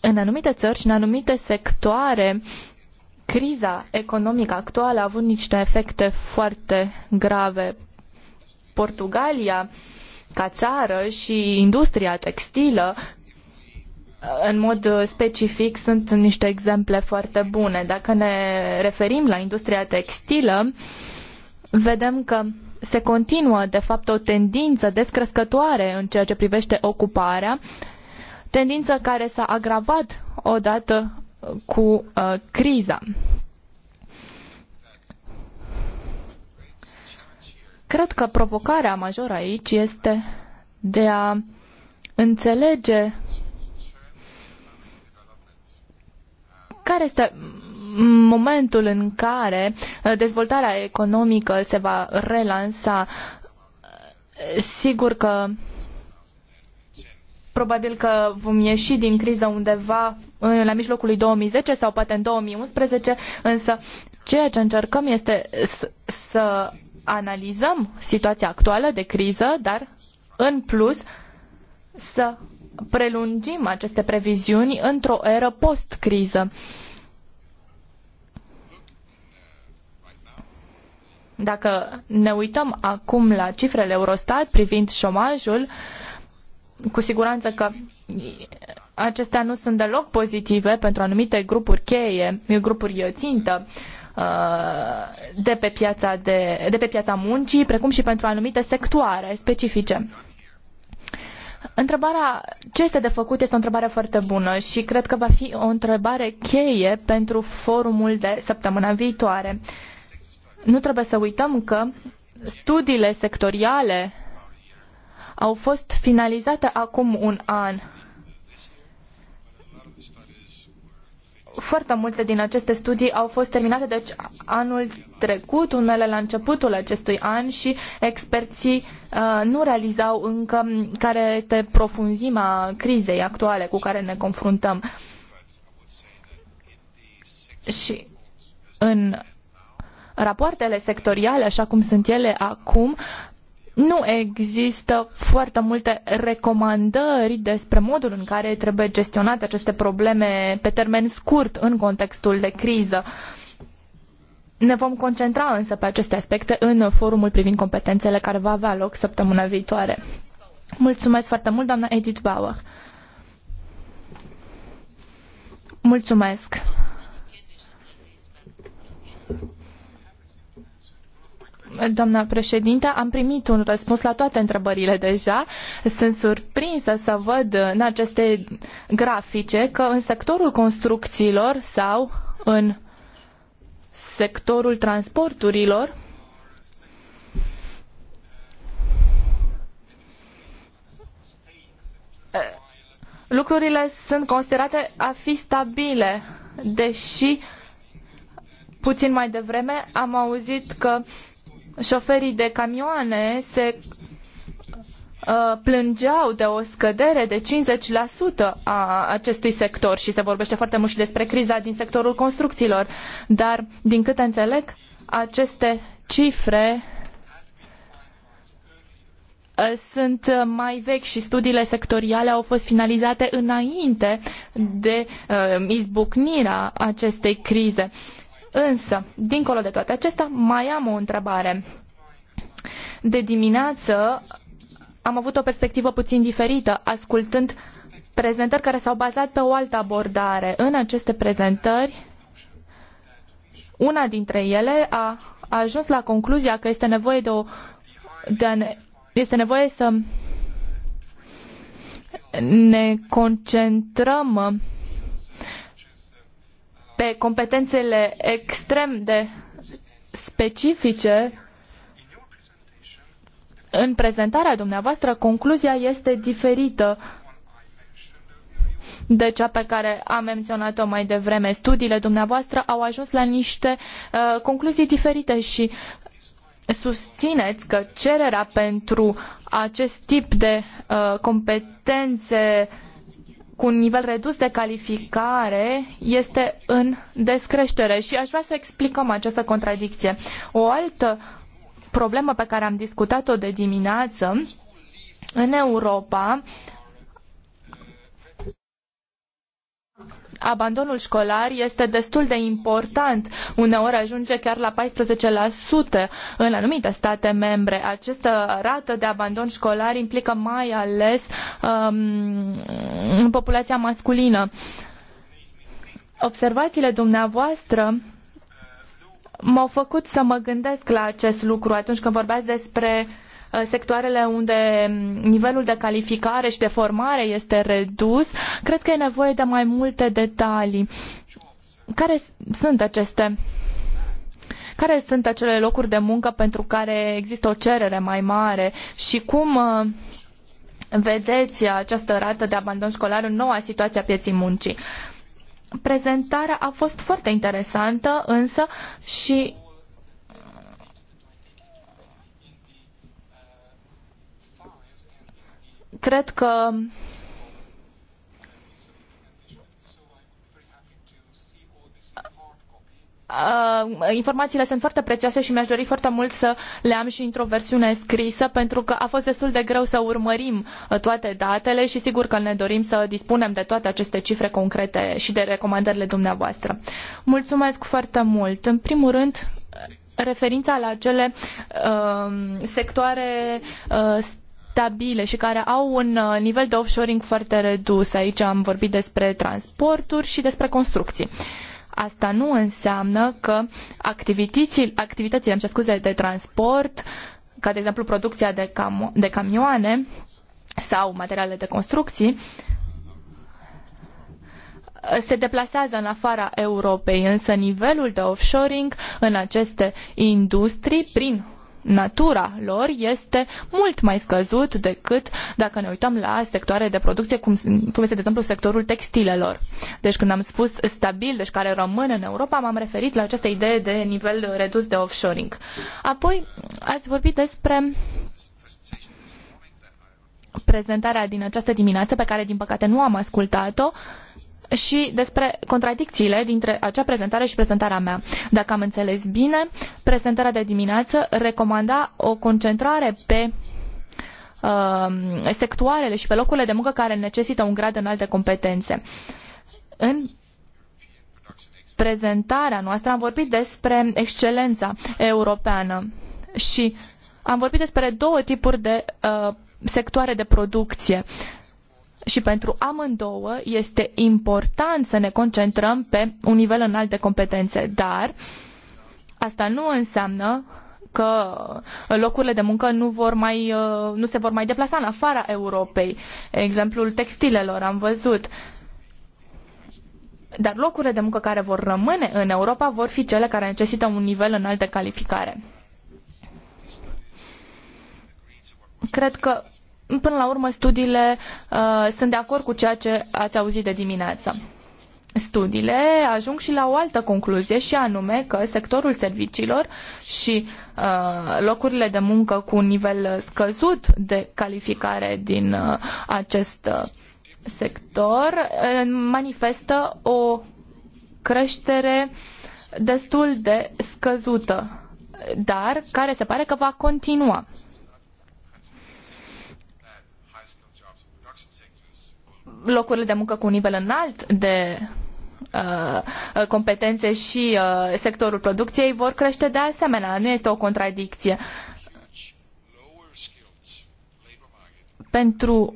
În anumite țări și în anumite sectoare, criza economică actuală a avut niște efecte foarte grave. Portugalia, ca țară, și industria textilă, în mod specific, sunt niște exemple foarte bune. Dacă ne referim la industria textilă, uh, vedem că se continuă, de fapt, o tendință descrescătoare în ceea ce privește ocuparea, tendință care s-a agravat odată cu uh, criza. Cred că provocarea majoră aici este de a înțelege care este momentul în care uh, dezvoltarea economică se va relansa. Uh, sigur că probabil că vom ieși din criză undeva la mijlocul lui 2010 sau poate în 2011, însă ceea ce încercăm este să analizăm situația actuală de criză, dar în plus să prelungim aceste previziuni într-o eră post-criză. Uh, Dacă ne uităm acum la cifrele Eurostat privind șomajul, cu siguranță că acestea nu sunt deloc pozitive pentru anumite grupuri cheie, grupuri uh, țintă uh, de pe piața, de, de pe piața muncii, precum și pentru anumite sectoare specifice. Întrebarea ce este de făcut este o întrebare foarte bună și cred că va fi o întrebare cheie pentru forumul de săptămâna viitoare. Uh, nu trebuie să uităm că studiile sectoriale au fost finalizate acum un an. Foarte multe din aceste studii au fost terminate, deci anul trecut, unele la începutul acestui an și experții uh, nu realizau încă care este profunzima crizei actuale cu care ne confruntăm. Și în rapoartele sectoriale, așa cum sunt ele acum, nu există foarte multe recomandări despre modul în care trebuie gestionate aceste probleme pe termen scurt în contextul de criză. Ne vom concentra însă pe aceste aspecte în forumul privind competențele care va avea loc săptămâna viitoare. Mulțumesc foarte mult, doamna Edith Bauer. Mulțumesc. Doamna președintă, am primit un răspuns la toate întrebările deja. Sunt surprinsă să văd în aceste grafice că în sectorul construcțiilor sau în sectorul transporturilor lucrurile sunt considerate a fi stabile, deși puțin mai devreme am auzit că șoferii de camioane se uh, plângeau de o scădere de 50% a acestui sector și se vorbește foarte mult și despre criza din sectorul construcțiilor, dar din câte înțeleg, aceste cifre uh, sunt mai vechi și studiile sectoriale au fost finalizate înainte de uh, izbucnirea acestei crize. Însă, dincolo de toate acestea, mai am o întrebare. De dimineață am avut o perspectivă puțin diferită, ascultând prezentări care s-au bazat pe o altă abordare. În aceste prezentări, una dintre ele a ajuns la concluzia că este nevoie de o de a ne, este nevoie să ne concentrăm pe competențele extrem de specifice, în prezentarea dumneavoastră concluzia este diferită de cea pe care am menționat-o mai devreme. Studiile dumneavoastră au ajuns la niște uh, concluzii diferite și susțineți că cererea pentru acest tip de uh, competențe uh, cu un nivel redus de calificare este în descreștere și aș vrea să explicăm această contradicție. O altă problemă pe care am discutat-o de dimineață, în Europa abandonul școlar este destul de important. Uneori ajunge chiar la 14% în anumite state membre. Această rată de abandon școlar implică mai ales um, populația masculină. Observațiile dumneavoastră m-au făcut să mă gândesc la acest lucru atunci când vorbeați despre uh, Uh, sectoarele unde mm, nivelul de calificare și de formare este redus, cred că e nevoie de mai multe detalii. Care sunt aceste care sunt acele locuri de muncă pentru care există o cerere mai mare și cum uh, vedeți această rată de abandon școlar în noua situație a pieții muncii? Prezentarea a fost foarte interesantă, însă și cred că informațiile sunt foarte prețioase și mi-aș dori foarte mult să le am și într-o versiune scrisă, pentru că a fost destul de greu să urmărim uh, toate datele și sigur că ne dorim să dispunem de toate aceste cifre concrete și de recomandările dumneavoastră. Mulțumesc foarte mult. În primul rând, uh, referința la acele uh, sectoare uh, stabile și care au un uh, nivel de offshoring foarte redus. Aici am vorbit despre transporturi și despre construcții. Asta nu înseamnă că activitățile, activitățile am scuze, de transport, ca de exemplu producția de, cam, de camioane sau materiale de construcții, se deplasează în afara Europei, însă nivelul de offshoring în aceste industrii, prin natura lor este mult mai scăzut decât dacă ne uităm la sectoare de producție, cum, cum este, de exemplu, sectorul textilelor. Deci când am spus stabil, deci care rămâne în Europa, m-am referit la această idee de nivel redus de offshoring. Apoi ați vorbit despre prezentarea din această dimineață, pe care din păcate nu am ascultat-o, și despre contradicțiile dintre acea prezentare și prezentarea mea. Dacă am înțeles bine, prezentarea de dimineață recomanda o concentrare pe uh, sectoarele și pe locurile de muncă care necesită un grad înalt de competențe. În prezentarea noastră am vorbit despre excelența europeană și am vorbit despre două tipuri de uh, sectoare de producție. Uh, și pentru amândouă este important să ne concentrăm pe un nivel înalt de competențe, dar asta nu înseamnă că locurile de muncă nu, vor mai, uh, nu se vor mai deplasa în afara Europei. Exemplul textilelor am văzut. Dar locurile de muncă care vor rămâne în Europa vor fi cele care necesită un nivel înalt de calificare. Cred că până la urmă, studiile uh, sunt de acord cu ceea ce ați auzit de dimineață. Studiile ajung și la o altă concluzie și anume că sectorul serviciilor și uh, locurile de muncă cu un nivel scăzut de calificare din uh, acest uh, sector uh, manifestă o creștere destul de scăzută, dar care se pare că va continua. locurile de muncă cu un nivel înalt de uh, competențe și uh, sectorul producției vor crește de asemenea. Nu este o contradicție. Pentru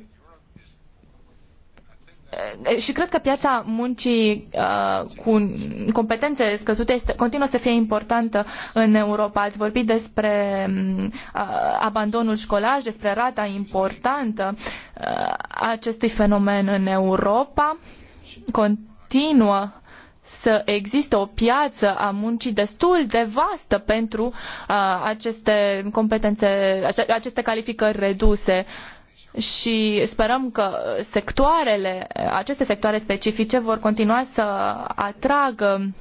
Eh, și cred că piața muncii uh, cu competențe scăzute este, continuă să fie importantă în Europa. Ați vorbit despre mm, uh, abandonul școlar, despre rata importantă uh, acestui fenomen în Europa. Continuă să existe o piață a muncii destul de vastă pentru uh, aceste competențe, aceste calificări reduse. Uh, și sperăm că sectoarele, aceste sectoare specifice vor continua să atragă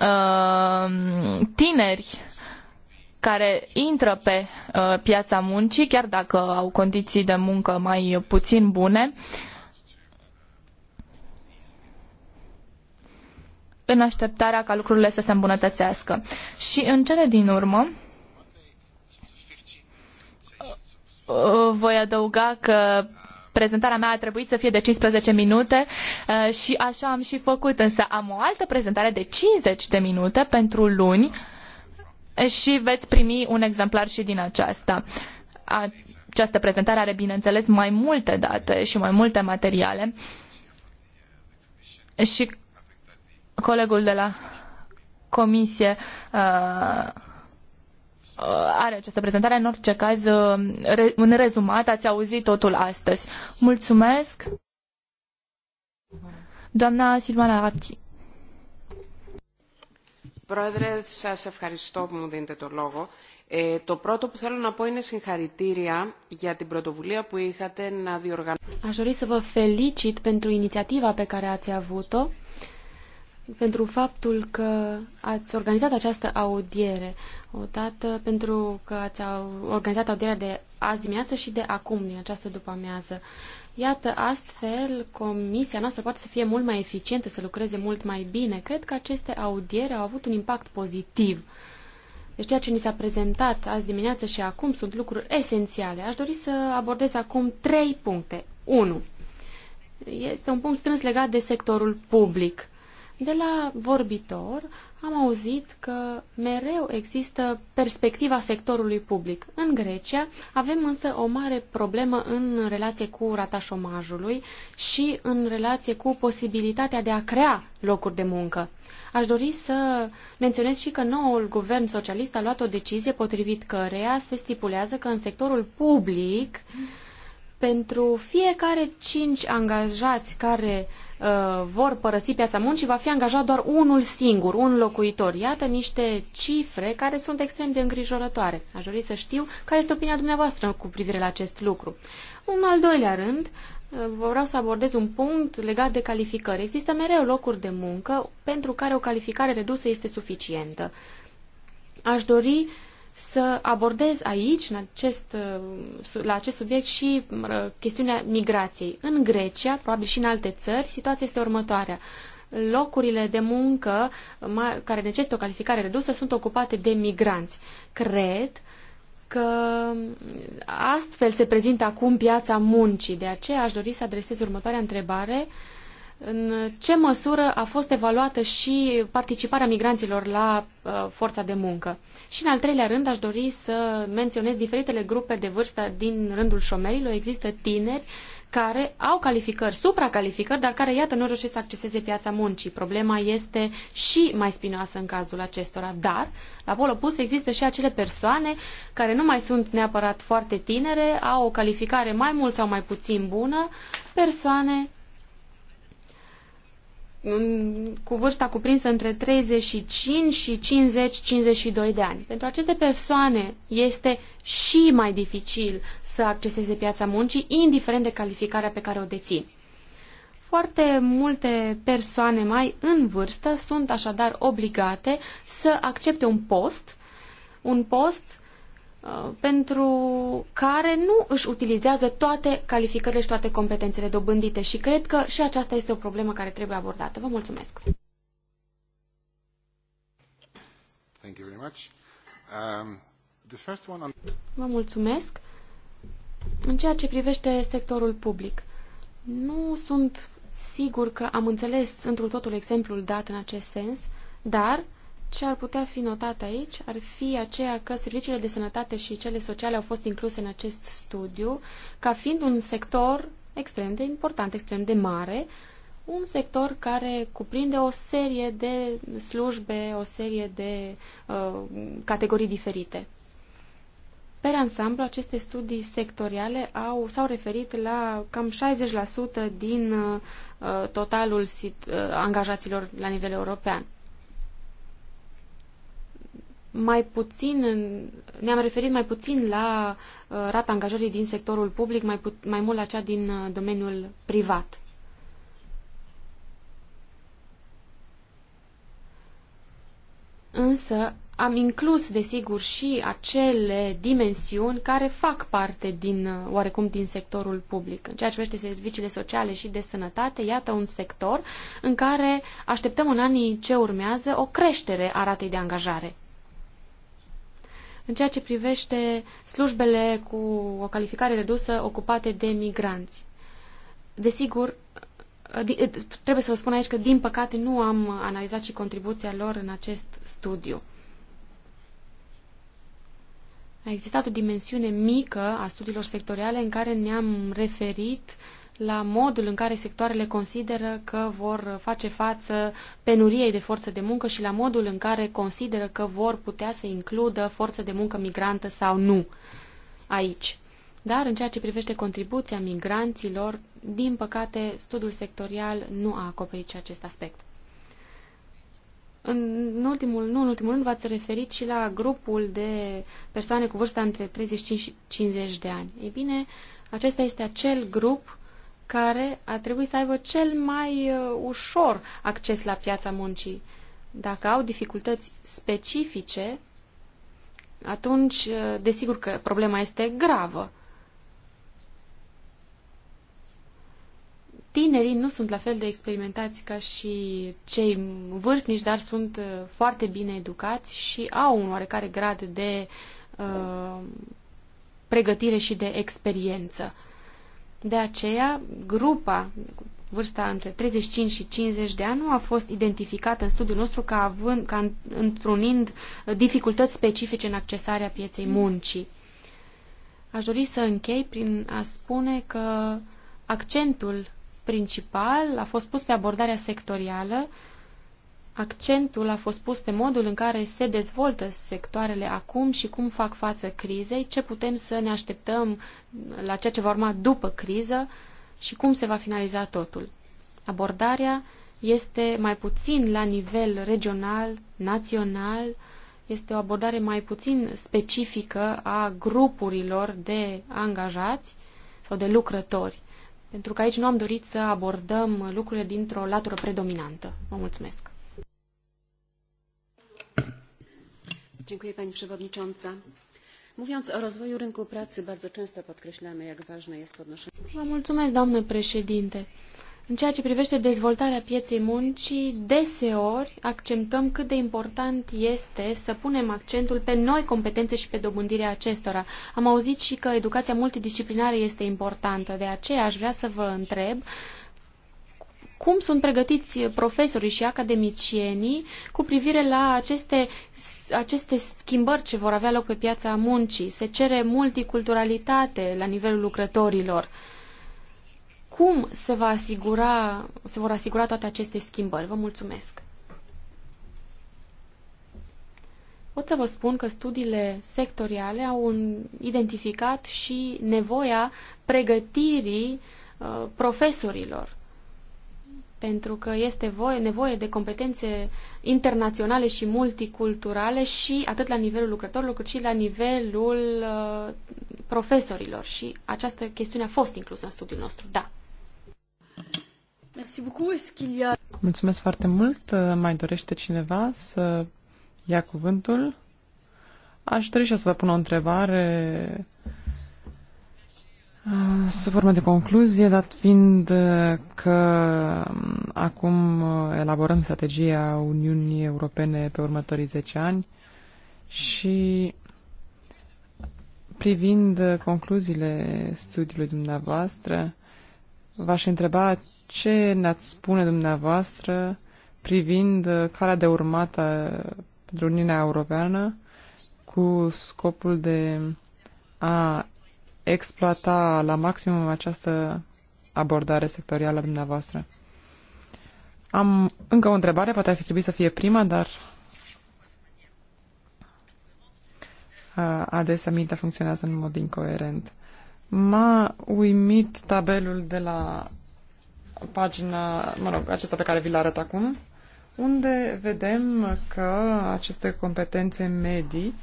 uh, tineri care intră pe uh, piața muncii, chiar dacă au condiții de muncă mai puțin bune, în așteptarea ca lucrurile să se îmbunătățească. Și în cele din urmă, Uh, voi adăuga că prezentarea mea a trebuit să fie de 15 minute uh, și așa am și făcut, însă am o altă prezentare de 50 de minute pentru luni și veți primi un exemplar și din aceasta. Această prezentare are, bineînțeles, mai multe date și mai multe materiale și colegul de la comisie uh, Uh, are această prezentare. În orice caz, uh, în rezumat, ați auzit totul astăzi. Mulțumesc! Doamna Silvana Rapti. Πρόεδρε, să ευχαριστώ που μου δίνετε το λόγο. Ε, το πρώτο που θέλω να πω είναι συγχαρητήρια για την πρωτοβουλία που είχατε να διοργανώσετε. Aș dori să vă felicit pentru inițiativa pe care ați avut-o pentru faptul că ați organizat această audiere. Odată pentru că ați organizat audierea de azi dimineață și de acum, din această după-amiază. Iată, astfel, comisia noastră poate să fie mult mai eficientă, să lucreze mult mai bine. Cred că aceste audiere au avut un impact pozitiv. Deci ceea ce ni s-a prezentat azi dimineață și acum sunt lucruri esențiale. Aș dori să abordez acum trei puncte. 1. Este un punct strâns legat de sectorul public. De la vorbitor am auzit că mereu există perspectiva sectorului public. În Grecia avem însă o mare problemă în relație cu rata șomajului și în relație cu posibilitatea de a crea locuri de muncă. Aș dori să menționez și că noul guvern socialist a luat o decizie potrivit căreia se stipulează că în sectorul public pentru fiecare cinci angajați care uh, vor părăsi piața muncii, va fi angajat doar unul singur, un locuitor. Iată niște cifre care sunt extrem de îngrijorătoare. Aș dori să știu care este opinia dumneavoastră cu privire la acest lucru. Un al doilea rând, uh, vreau să abordez un punct legat de calificări. Există mereu locuri de muncă pentru care o calificare redusă este suficientă. Aș dori uh, să abordez aici, în acest, uh, la acest subiect, și chestiunea migrației. În Grecia, probabil și în alte țări, situația este următoarea. Locurile de muncă care necesită o calificare redusă sunt ocupate de migranți. Cred că astfel se prezintă acum piața muncii. De aceea aș dori să adresez următoarea întrebare uh, în ce măsură a fost evaluată și participarea migranților la uh, forța de muncă? Și în al treilea rând aș dori să menționez diferitele grupe de vârstă din rândul șomerilor. Există tineri care au calificări, supracalificări, dar care, iată, nu reușesc să acceseze piața muncii. Problema este și mai spinoasă în cazul acestora, dar, la pol opus, există și acele persoane care nu mai sunt neapărat foarte tinere, au o calificare mai mult sau mai puțin bună, persoane cu vârsta cuprinsă între 35 și 50-52 de ani. Pentru aceste persoane este și mai dificil să acceseze piața muncii, indiferent de calificarea pe care o dețin. Foarte multe persoane mai în vârstă sunt așadar obligate să accepte un post, un post Uh, pentru care nu își utilizează toate calificările și toate competențele dobândite și cred că și aceasta este o problemă care trebuie abordată. Vă mulțumesc! Thank you very much. Um, the first one on... Vă mulțumesc! În ceea ce privește sectorul public, nu sunt sigur că am înțeles într un totul exemplul dat în acest sens, dar uh, ce ar putea fi notat aici ar fi aceea că serviciile de sănătate și cele sociale au fost incluse în acest studiu ca fiind un sector extrem de important, extrem de mare, un sector care cuprinde o serie de slujbe, o serie de uh, categorii diferite. Pe ansamblu, aceste studii sectoriale au, s-au referit la cam 60% din uh, totalul sit, uh, angajaților la nivel european mai puțin, ne-am referit mai puțin la uh, rata angajării din sectorul public, mai, put, mai mult la cea din uh, domeniul privat. Însă am inclus, desigur, și acele dimensiuni care fac parte din, uh, oarecum, din sectorul public. În ceea ce privește serviciile sociale și de sănătate, iată un sector în care așteptăm în anii ce urmează o creștere a ratei de angajare în ceea ce privește slujbele cu o calificare redusă ocupate de migranți. Desigur, trebuie să vă spun aici că, din păcate, nu am analizat și contribuția lor în acest studiu. A existat o dimensiune mică a studiilor sectoriale în care ne-am referit uh, la modul în care sectoarele consideră că vor face față penuriei de forță de muncă și la modul în care consideră că vor putea să includă forță de muncă migrantă sau nu aici. Dar în ceea ce privește contribuția migranților, din păcate, studiul sectorial nu a acoperit și acest aspect. În ultimul, nu în ultimul rând, v-ați referit și la grupul de persoane cu vârsta între 35 și 50 de ani. Ei bine, acesta este acel grup care ar trebui să aibă cel mai uh, ușor acces la piața muncii. Dacă au dificultăți specifice, atunci, uh, desigur că problema este gravă. Tinerii nu sunt la fel de experimentați ca și cei vârstnici, dar sunt uh, foarte bine educați și au un oarecare grad de uh, pregătire și de experiență. Uh, de aceea, grupa vârsta între 35 și 50 de ani nu a fost identificată în studiul nostru ca, având, ca întrunind uh, dificultăți specifice în accesarea pieței muncii. Aș dori să închei prin a spune că accentul principal a fost pus pe abordarea sectorială, Accentul a fost pus pe modul în care se dezvoltă sectoarele acum și cum fac față crizei, ce putem să ne așteptăm la ceea ce va urma după criză și cum se va finaliza totul. Abordarea este mai puțin la nivel regional, național, este o abordare mai puțin specifică a grupurilor de angajați sau de lucrători. Pentru că aici nu am dorit să abordăm lucrurile dintr-o latură predominantă. Vă mulțumesc! Dziękuję Pani Przewodnicząca. Mówiąc o rozwoju rynku pracy, bardzo często podkreślamy, jak ważne jest podnoszenie... Vă mulțumesc, doamnă președinte. În ceea ce privește dezvoltarea pieței muncii, deseori accentăm cât de important este să punem accentul pe noi competențe și pe dobândirea acestora. Am auzit și că educația multidisciplinară este importantă, de aceea aș vrea să vă întreb uh, cum sunt pregătiți profesorii și academicienii cu privire la aceste, aceste schimbări ce vor avea loc pe piața muncii. Se cere multiculturalitate la nivelul lucrătorilor. Cum se, va asigura, se vor asigura toate aceste schimbări? Vă mulțumesc! Pot să vă spun că studiile sectoriale au identificat și nevoia pregătirii uh, profesorilor pentru că este voie, nevoie de competențe internaționale și multiculturale și atât la nivelul lucrătorilor cât și la nivelul uh, profesorilor. Și această chestiune a fost inclusă în studiul nostru, da. Mulțumesc foarte mult. Mai dorește cineva să ia cuvântul? Aș dori și să vă pun o întrebare Ah, Sub formă de concluzie, dat fiind eh, că mm, acum eh, elaborăm strategia Uniunii Europene pe următorii 10 ani și privind eh, concluziile studiului dumneavoastră, v-aș întreba ce ne-ați spune dumneavoastră privind calea de urmată pentru Uniunea Europeană cu scopul de a exploata la maximum această abordare sectorială a dumneavoastră. Am încă o întrebare, poate ar fi trebuit să fie prima, dar adesea mintea funcționează în mod incoerent. M-a uimit tabelul de la pagina, mă rog, acesta pe care vi-l arăt acum, unde vedem că aceste competențe medii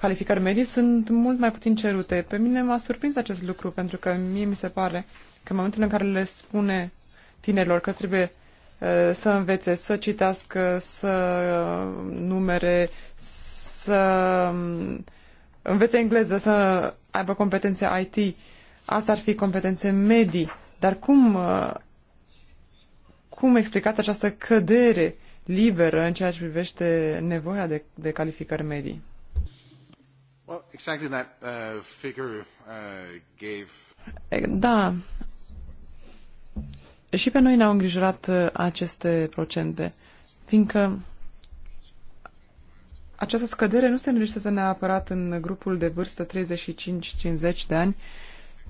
calificări medii sunt mult mai puțin cerute. Pe mine m-a surprins acest lucru, pentru că mie mi se pare că în momentul în care le spune tinerilor că trebuie uh, să învețe, să citească, să uh, numere, să um, învețe engleză, să aibă competențe IT. Asta ar fi competențe medii. Dar cum, uh, cum explicați această cădere liberă în ceea ce privește nevoia de, de calificări medii? Well, exactly that uh, figure uh, gave... Da. Și pe noi ne-au îngrijorat uh, aceste procente, fiindcă această scădere nu se înregistrează neapărat în grupul de vârstă 35-50 de ani,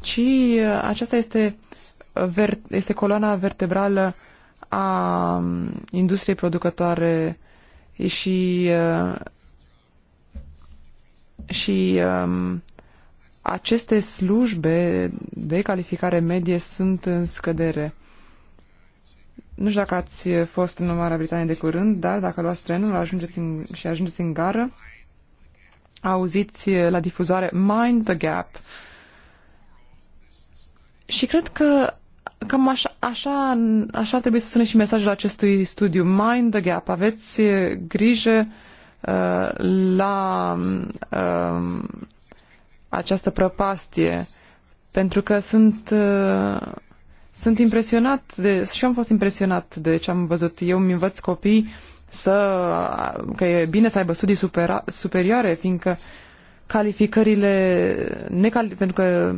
ci uh, aceasta este, uh, este coloana vertebrală a um, industriei producătoare și și um, aceste slujbe de calificare medie sunt în scădere. Nu știu dacă ați fost în Marea Britanie de curând, dar dacă luați trenul ajungeți în, și ajungeți în gară, auziți la difuzare Mind the Gap. Și cred că cam așa, așa, așa ar trebui să sune și mesajul acestui studiu. Mind the Gap. Aveți grijă uh, Uh, la um, uh, această prăpastie, pentru că sunt, uh, sunt impresionat de, și am fost impresionat de ce am văzut. Eu îmi învăț copii să, că e bine să aibă studii supera, superioare, fiindcă calificările, necali, pentru că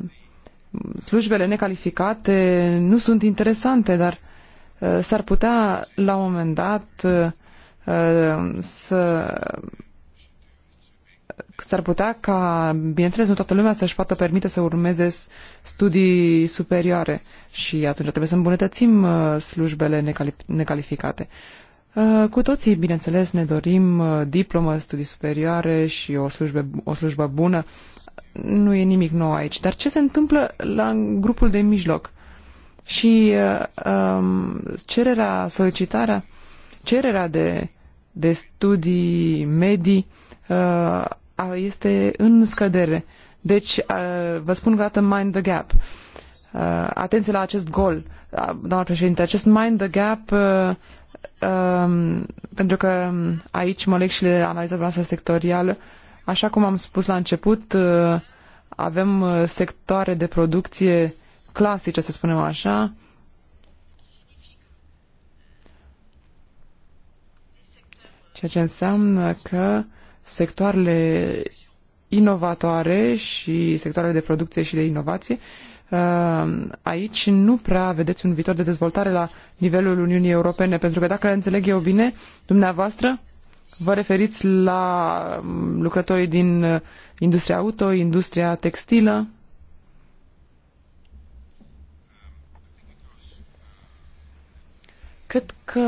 slujbele necalificate nu sunt interesante, dar s-ar putea la un moment dat Uh, să s-ar putea ca, bineînțeles, nu toată lumea să-și poată permite să urmeze studii superioare și atunci trebuie să îmbunătățim uh, slujbele necalificate. Uh, cu toții, bineînțeles, ne dorim diplomă, studii superioare și o, slujbe, o slujbă bună. Nu e nimic nou aici. Dar ce se întâmplă la grupul de mijloc? Și um, cererea, solicitarea cererea de, de studii medii uh, este în scădere. Deci, uh, vă spun că dată mind the gap. Uh, atenție la acest gol, uh, doamna președinte, acest mind the gap, uh, um, pentru că aici mă leg și de analiza noastră sectorială, așa cum am spus la început, uh, avem uh, sectoare de producție clasice, să spunem așa, uh, ceea ce înseamnă că sectoarele inovatoare și sectoarele de producție și de inovație, uh, aici nu prea vedeți un viitor de dezvoltare la nivelul Uniunii Europene, pentru că dacă înțeleg eu bine, dumneavoastră vă referiți la um, lucrătorii din uh, industria auto, industria textilă, Cred că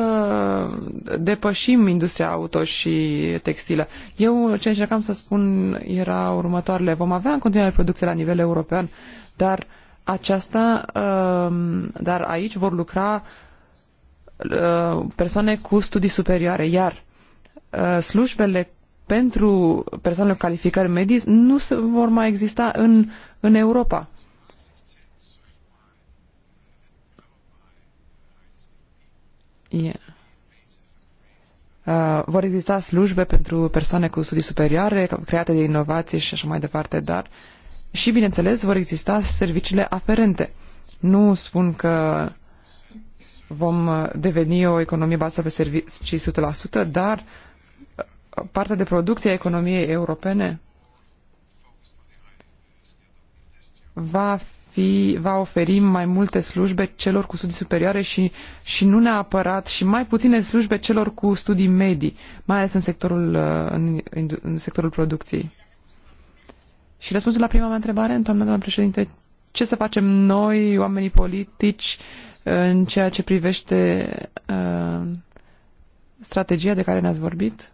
depășim industria auto și textilă. Eu ce încercam să spun era următoarele. Vom avea în continuare producție la nivel european, dar aceasta, um, dar aici vor lucra uh, persoane cu studii superioare, iar uh, slujbele pentru persoanele cu calificări medii nu vor mai exista în, în Europa. Uh, vor exista slujbe pentru persoane cu studii superioare, create de inovații și așa mai departe, dar și, bineînțeles, vor exista serviciile aferente. Nu spun că vom uh, deveni o economie bazată pe servicii 100%, dar uh, partea de producție a economiei europene va fi, va oferi mai multe slujbe celor cu studii superioare și, și nu neapărat și mai puține slujbe celor cu studii medii, mai ales în sectorul, uh, în, în sectorul producției. Și răspunsul la prima mea întrebare, doamna, doamna președinte, ce să facem noi, oamenii politici, în ceea ce privește uh, strategia de care ne-ați vorbit?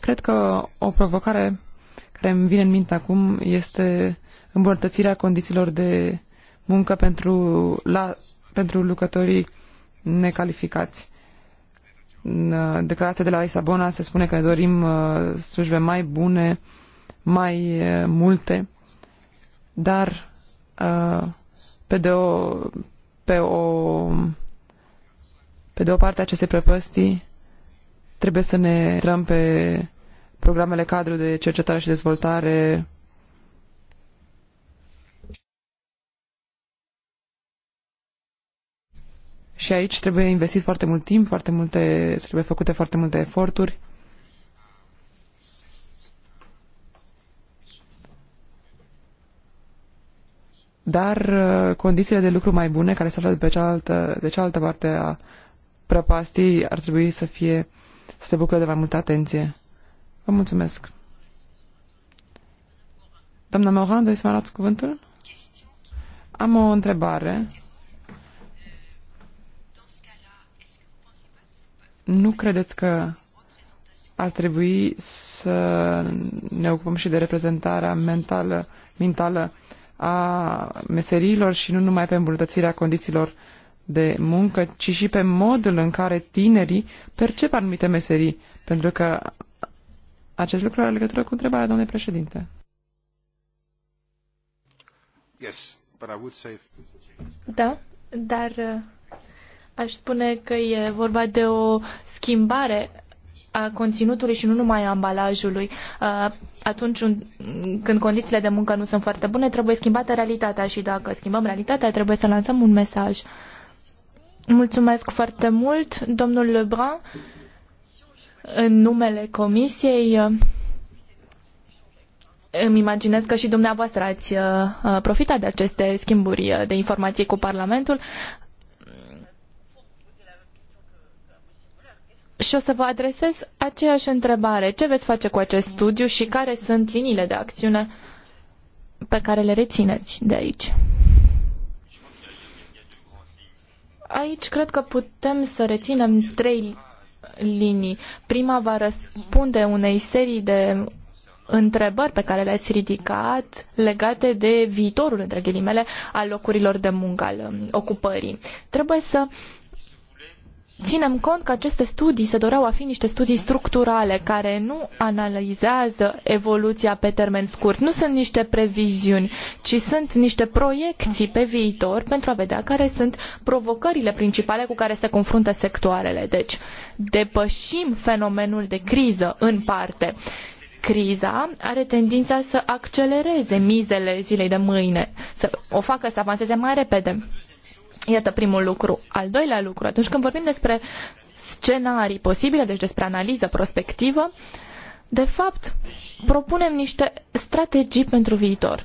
Cred că o provocare care îmi vine în minte acum este îmbunătățirea condițiilor de muncă pentru, la, pentru lucrătorii necalificați. În uh, declarația de la Lisabona se spune că ne dorim uh, slujbe mai bune, mai uh, multe, dar pe de o, pe o, pe de o parte aceste prăpăstii trebuie să ne trăm pe programele cadru de cercetare și dezvoltare Și aici trebuie investit foarte mult timp, foarte multe, trebuie făcute foarte multe eforturi. Dar uh, condițiile de lucru mai bune, care se află de pe cealaltă, de cealaltă parte a prăpastii, ar trebui să fie să se bucure de mai multă atenție. Vă mulțumesc. Doamna Moran, doriți să mă luați cuvântul? Am o întrebare. Nu credeți că ar trebui să ne ocupăm și de reprezentarea mentală, mentală a meseriilor și nu numai pe îmbunătățirea condițiilor de muncă, ci și pe modul în care tinerii percep anumite meserii, pentru că acest lucru are legătură cu întrebarea domnului președinte. Yes, but I would say... Da, dar uh, aș spune că e vorba de o schimbare a conținutului și nu numai a ambalajului. Uh, atunci când condițiile de muncă nu sunt foarte bune, trebuie schimbată realitatea și dacă schimbăm realitatea, trebuie să lansăm un mesaj. Mulțumesc foarte mult, domnul Lebrun în numele Comisiei. Uh, îmi imaginez că și dumneavoastră ați uh, uh, profitat de aceste schimburi de informații cu Parlamentul. Și o să vă adresez aceeași întrebare. Ce veți face cu acest studiu și care sunt liniile de acțiune pe care le rețineți de aici? Aici cred că putem să reținem trei linii. Prima va răspunde unei serii de întrebări pe care le-ați ridicat legate de viitorul, între ghilimele, al locurilor de muncă, al um, ocupării. Trebuie să Ținem cont că aceste studii se doreau a fi niște studii structurale care nu analizează evoluția pe termen scurt. Nu sunt niște previziuni, ci sunt niște proiecții pe viitor pentru a vedea care sunt provocările principale cu care se confruntă sectoarele. Deci, depășim fenomenul de criză în parte. Criza are tendința să accelereze mizele zilei de mâine, să o facă să avanseze mai repede. Iată primul lucru. Al doilea lucru, atunci când vorbim despre scenarii posibile, deci despre analiză prospectivă, de fapt, propunem niște strategii pentru viitor.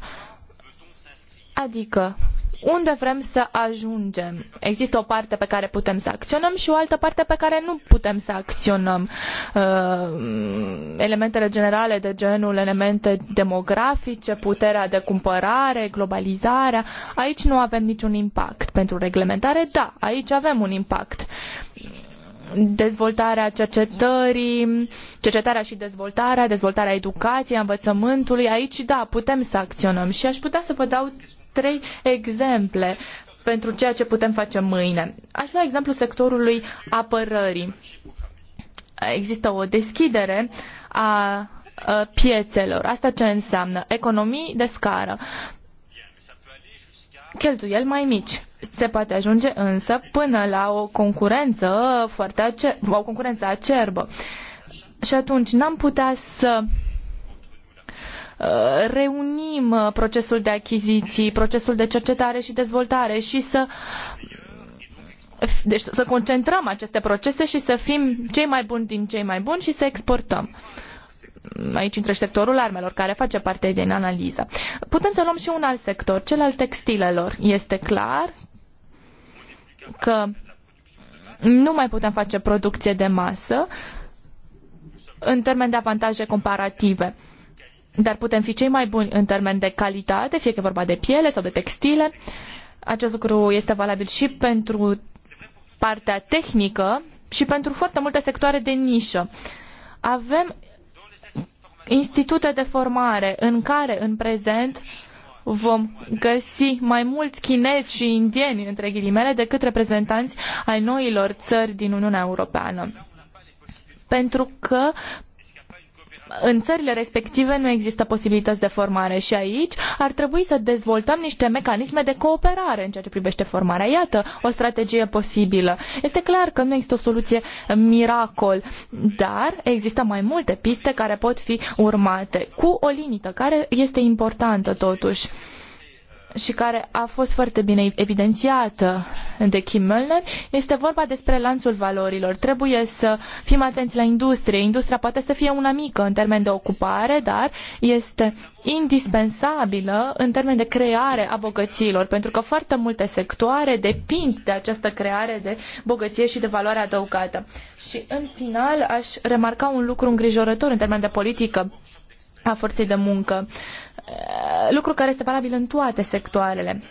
Adică, unde vrem să ajungem. Există o parte pe care putem să acționăm și o altă parte pe care nu putem să acționăm. Uh, elementele generale de genul elemente demografice, puterea de cumpărare, globalizarea, aici nu avem niciun impact. Pentru reglementare, da, aici avem un impact dezvoltarea cercetării, cercetarea și dezvoltarea, dezvoltarea educației, învățământului. Aici, da, putem să acționăm și aș putea să vă dau trei exemple pentru ceea ce putem face mâine. Aș lua exemplu sectorului apărării. Există o deschidere a piețelor. Asta ce înseamnă? Economii de scară. Cheltuieli mai mici. Se poate ajunge însă până la o concurență foarte acer- o concurență acerbă. Și atunci n-am putea să Uh, reunim uh, procesul de achiziții, procesul de cercetare și dezvoltare și să deci să concentrăm aceste procese și să fim cei mai buni din cei mai buni și să exportăm. Aici intră sectorul armelor, care face parte din analiză. Putem să luăm și un alt sector, cel al textilelor. Este clar că nu mai putem face producție de masă în termen de avantaje comparative dar putem fi cei mai buni în termen de calitate, fie că e vorba de piele sau de textile. Acest lucru este valabil și pentru partea tehnică și pentru foarte multe sectoare de nișă. Avem institute de formare în care în prezent vom găsi mai mulți chinezi și indieni, între ghilimele, decât reprezentanți ai noilor țări din Uniunea Europeană. Pentru că în țările respective nu există posibilități de formare și aici ar trebui să dezvoltăm niște mecanisme de cooperare în ceea ce privește formarea. Iată o strategie posibilă. Este clar că nu există o soluție miracol, dar există mai multe piste care pot fi urmate cu o limită care este importantă totuși și care a fost foarte bine evidențiată uh, de Kim Möllner, este vorba despre lanțul valorilor. Trebuie să fim atenți la industrie. Industria poate să fie una mică în termen de ocupare, dar este indispensabilă în termen de creare a bogăților, pentru că foarte multe sectoare depind de această creare de bogăție și de valoare adăugată. Și în final aș remarca un lucru îngrijorător în termen de politică a forței de muncă. Uh, lucru care este valabil în toate sectoarele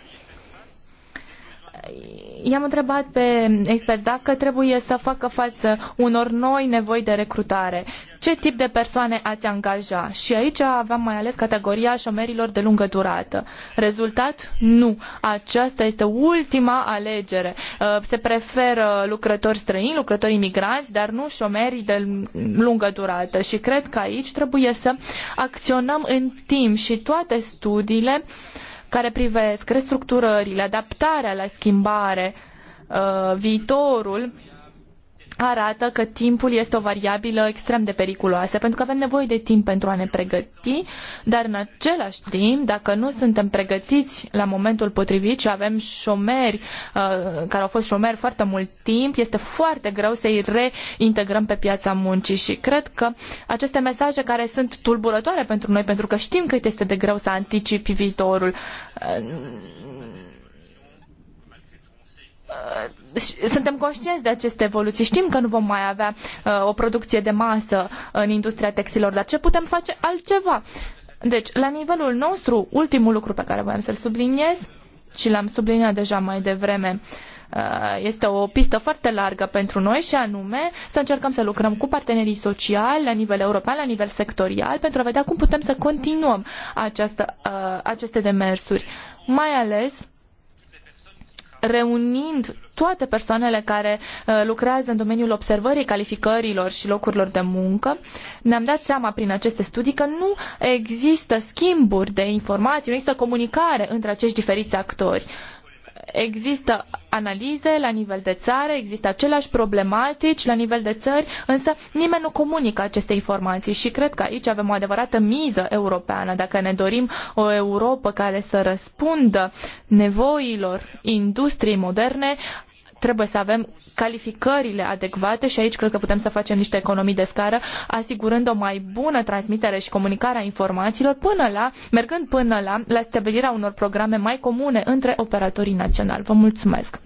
i-am întrebat pe experți dacă trebuie să facă față unor noi nevoi de recrutare. Ce tip de persoane ați angaja? Și aici aveam mai ales categoria șomerilor de lungă durată. Rezultat? Nu. Aceasta este ultima alegere. Uh, se preferă lucrători străini, lucrători imigranți, dar nu șomerii de lungă durată. Și cred că aici trebuie să acționăm în timp și toate studiile uh, care privesc restructurările, adaptarea la schimbare, uh, viitorul arată că timpul este o variabilă extrem de periculoasă, pentru că avem nevoie de timp pentru a ne pregăti, dar în același timp, dacă nu suntem pregătiți la momentul potrivit și avem șomeri uh, care au fost șomeri foarte mult timp, este foarte greu să-i reintegrăm pe piața muncii și cred că aceste mesaje care sunt tulburătoare pentru noi, pentru că știm cât este de greu să anticipi viitorul, uh, uh, suntem conștienți de aceste evoluții. Știm că nu vom mai avea uh, o producție de masă în industria textilor, dar ce putem face altceva? Deci, la nivelul nostru, ultimul lucru pe care voiam să-l subliniez și l-am subliniat deja mai devreme, uh, este o pistă foarte largă pentru noi și anume să încercăm să lucrăm cu partenerii sociali la nivel european, la nivel sectorial, pentru a vedea cum putem să continuăm această, uh, aceste demersuri. Mai ales reunind toate persoanele care uh, lucrează în domeniul observării calificărilor și locurilor de muncă, ne-am dat seama prin aceste studii că nu există schimburi de informații, nu există comunicare între acești diferiți actori. Există analize la nivel de țară, există aceleași problematici la nivel de țări, însă nimeni nu comunică aceste informații și cred că aici avem o adevărată miză europeană. Dacă ne dorim o Europa care să răspundă nevoilor industriei moderne, trebuie să avem calificările adecvate și aici cred că putem să facem niște economii de scară, asigurând o mai bună transmitere și comunicare a informațiilor până la, mergând până la, la stabilirea unor programe mai comune între operatorii naționali. Vă mulțumesc!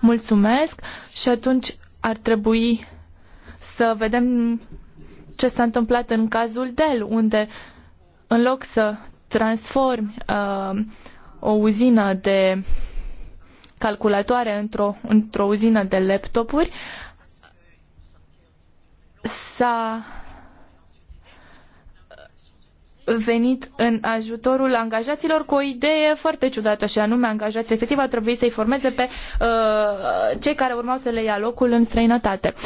Mulțumesc și atunci ar trebui să vedem ce s-a întâmplat în cazul Dell, unde în loc să transformi uh, o uzină de calculatoare într-o, într-o uzină de laptopuri, s-a venit în ajutorul angajaților cu o idee foarte ciudată și anume angajații efectiv a trebuit să-i formeze pe uh, cei care urmau să le ia locul în străinătate. Uh,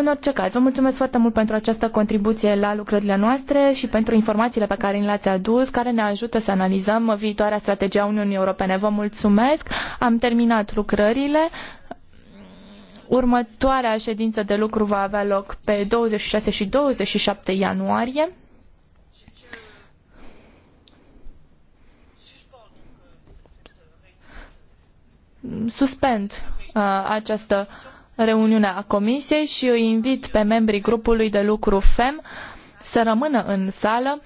în orice caz, vă mulțumesc foarte mult pentru această contribuție la lucrările noastre și pentru informațiile pe care ni le-ați adus, care ne ajută să analizăm viitoarea strategie a Uniunii Europene. Vă mulțumesc, am terminat lucrările. Următoarea ședință de lucru va avea loc pe 26 și 27 ianuarie. Suspend uh, această reuniunea comisiei și îi invit pe membrii grupului de lucru FEM să rămână în sală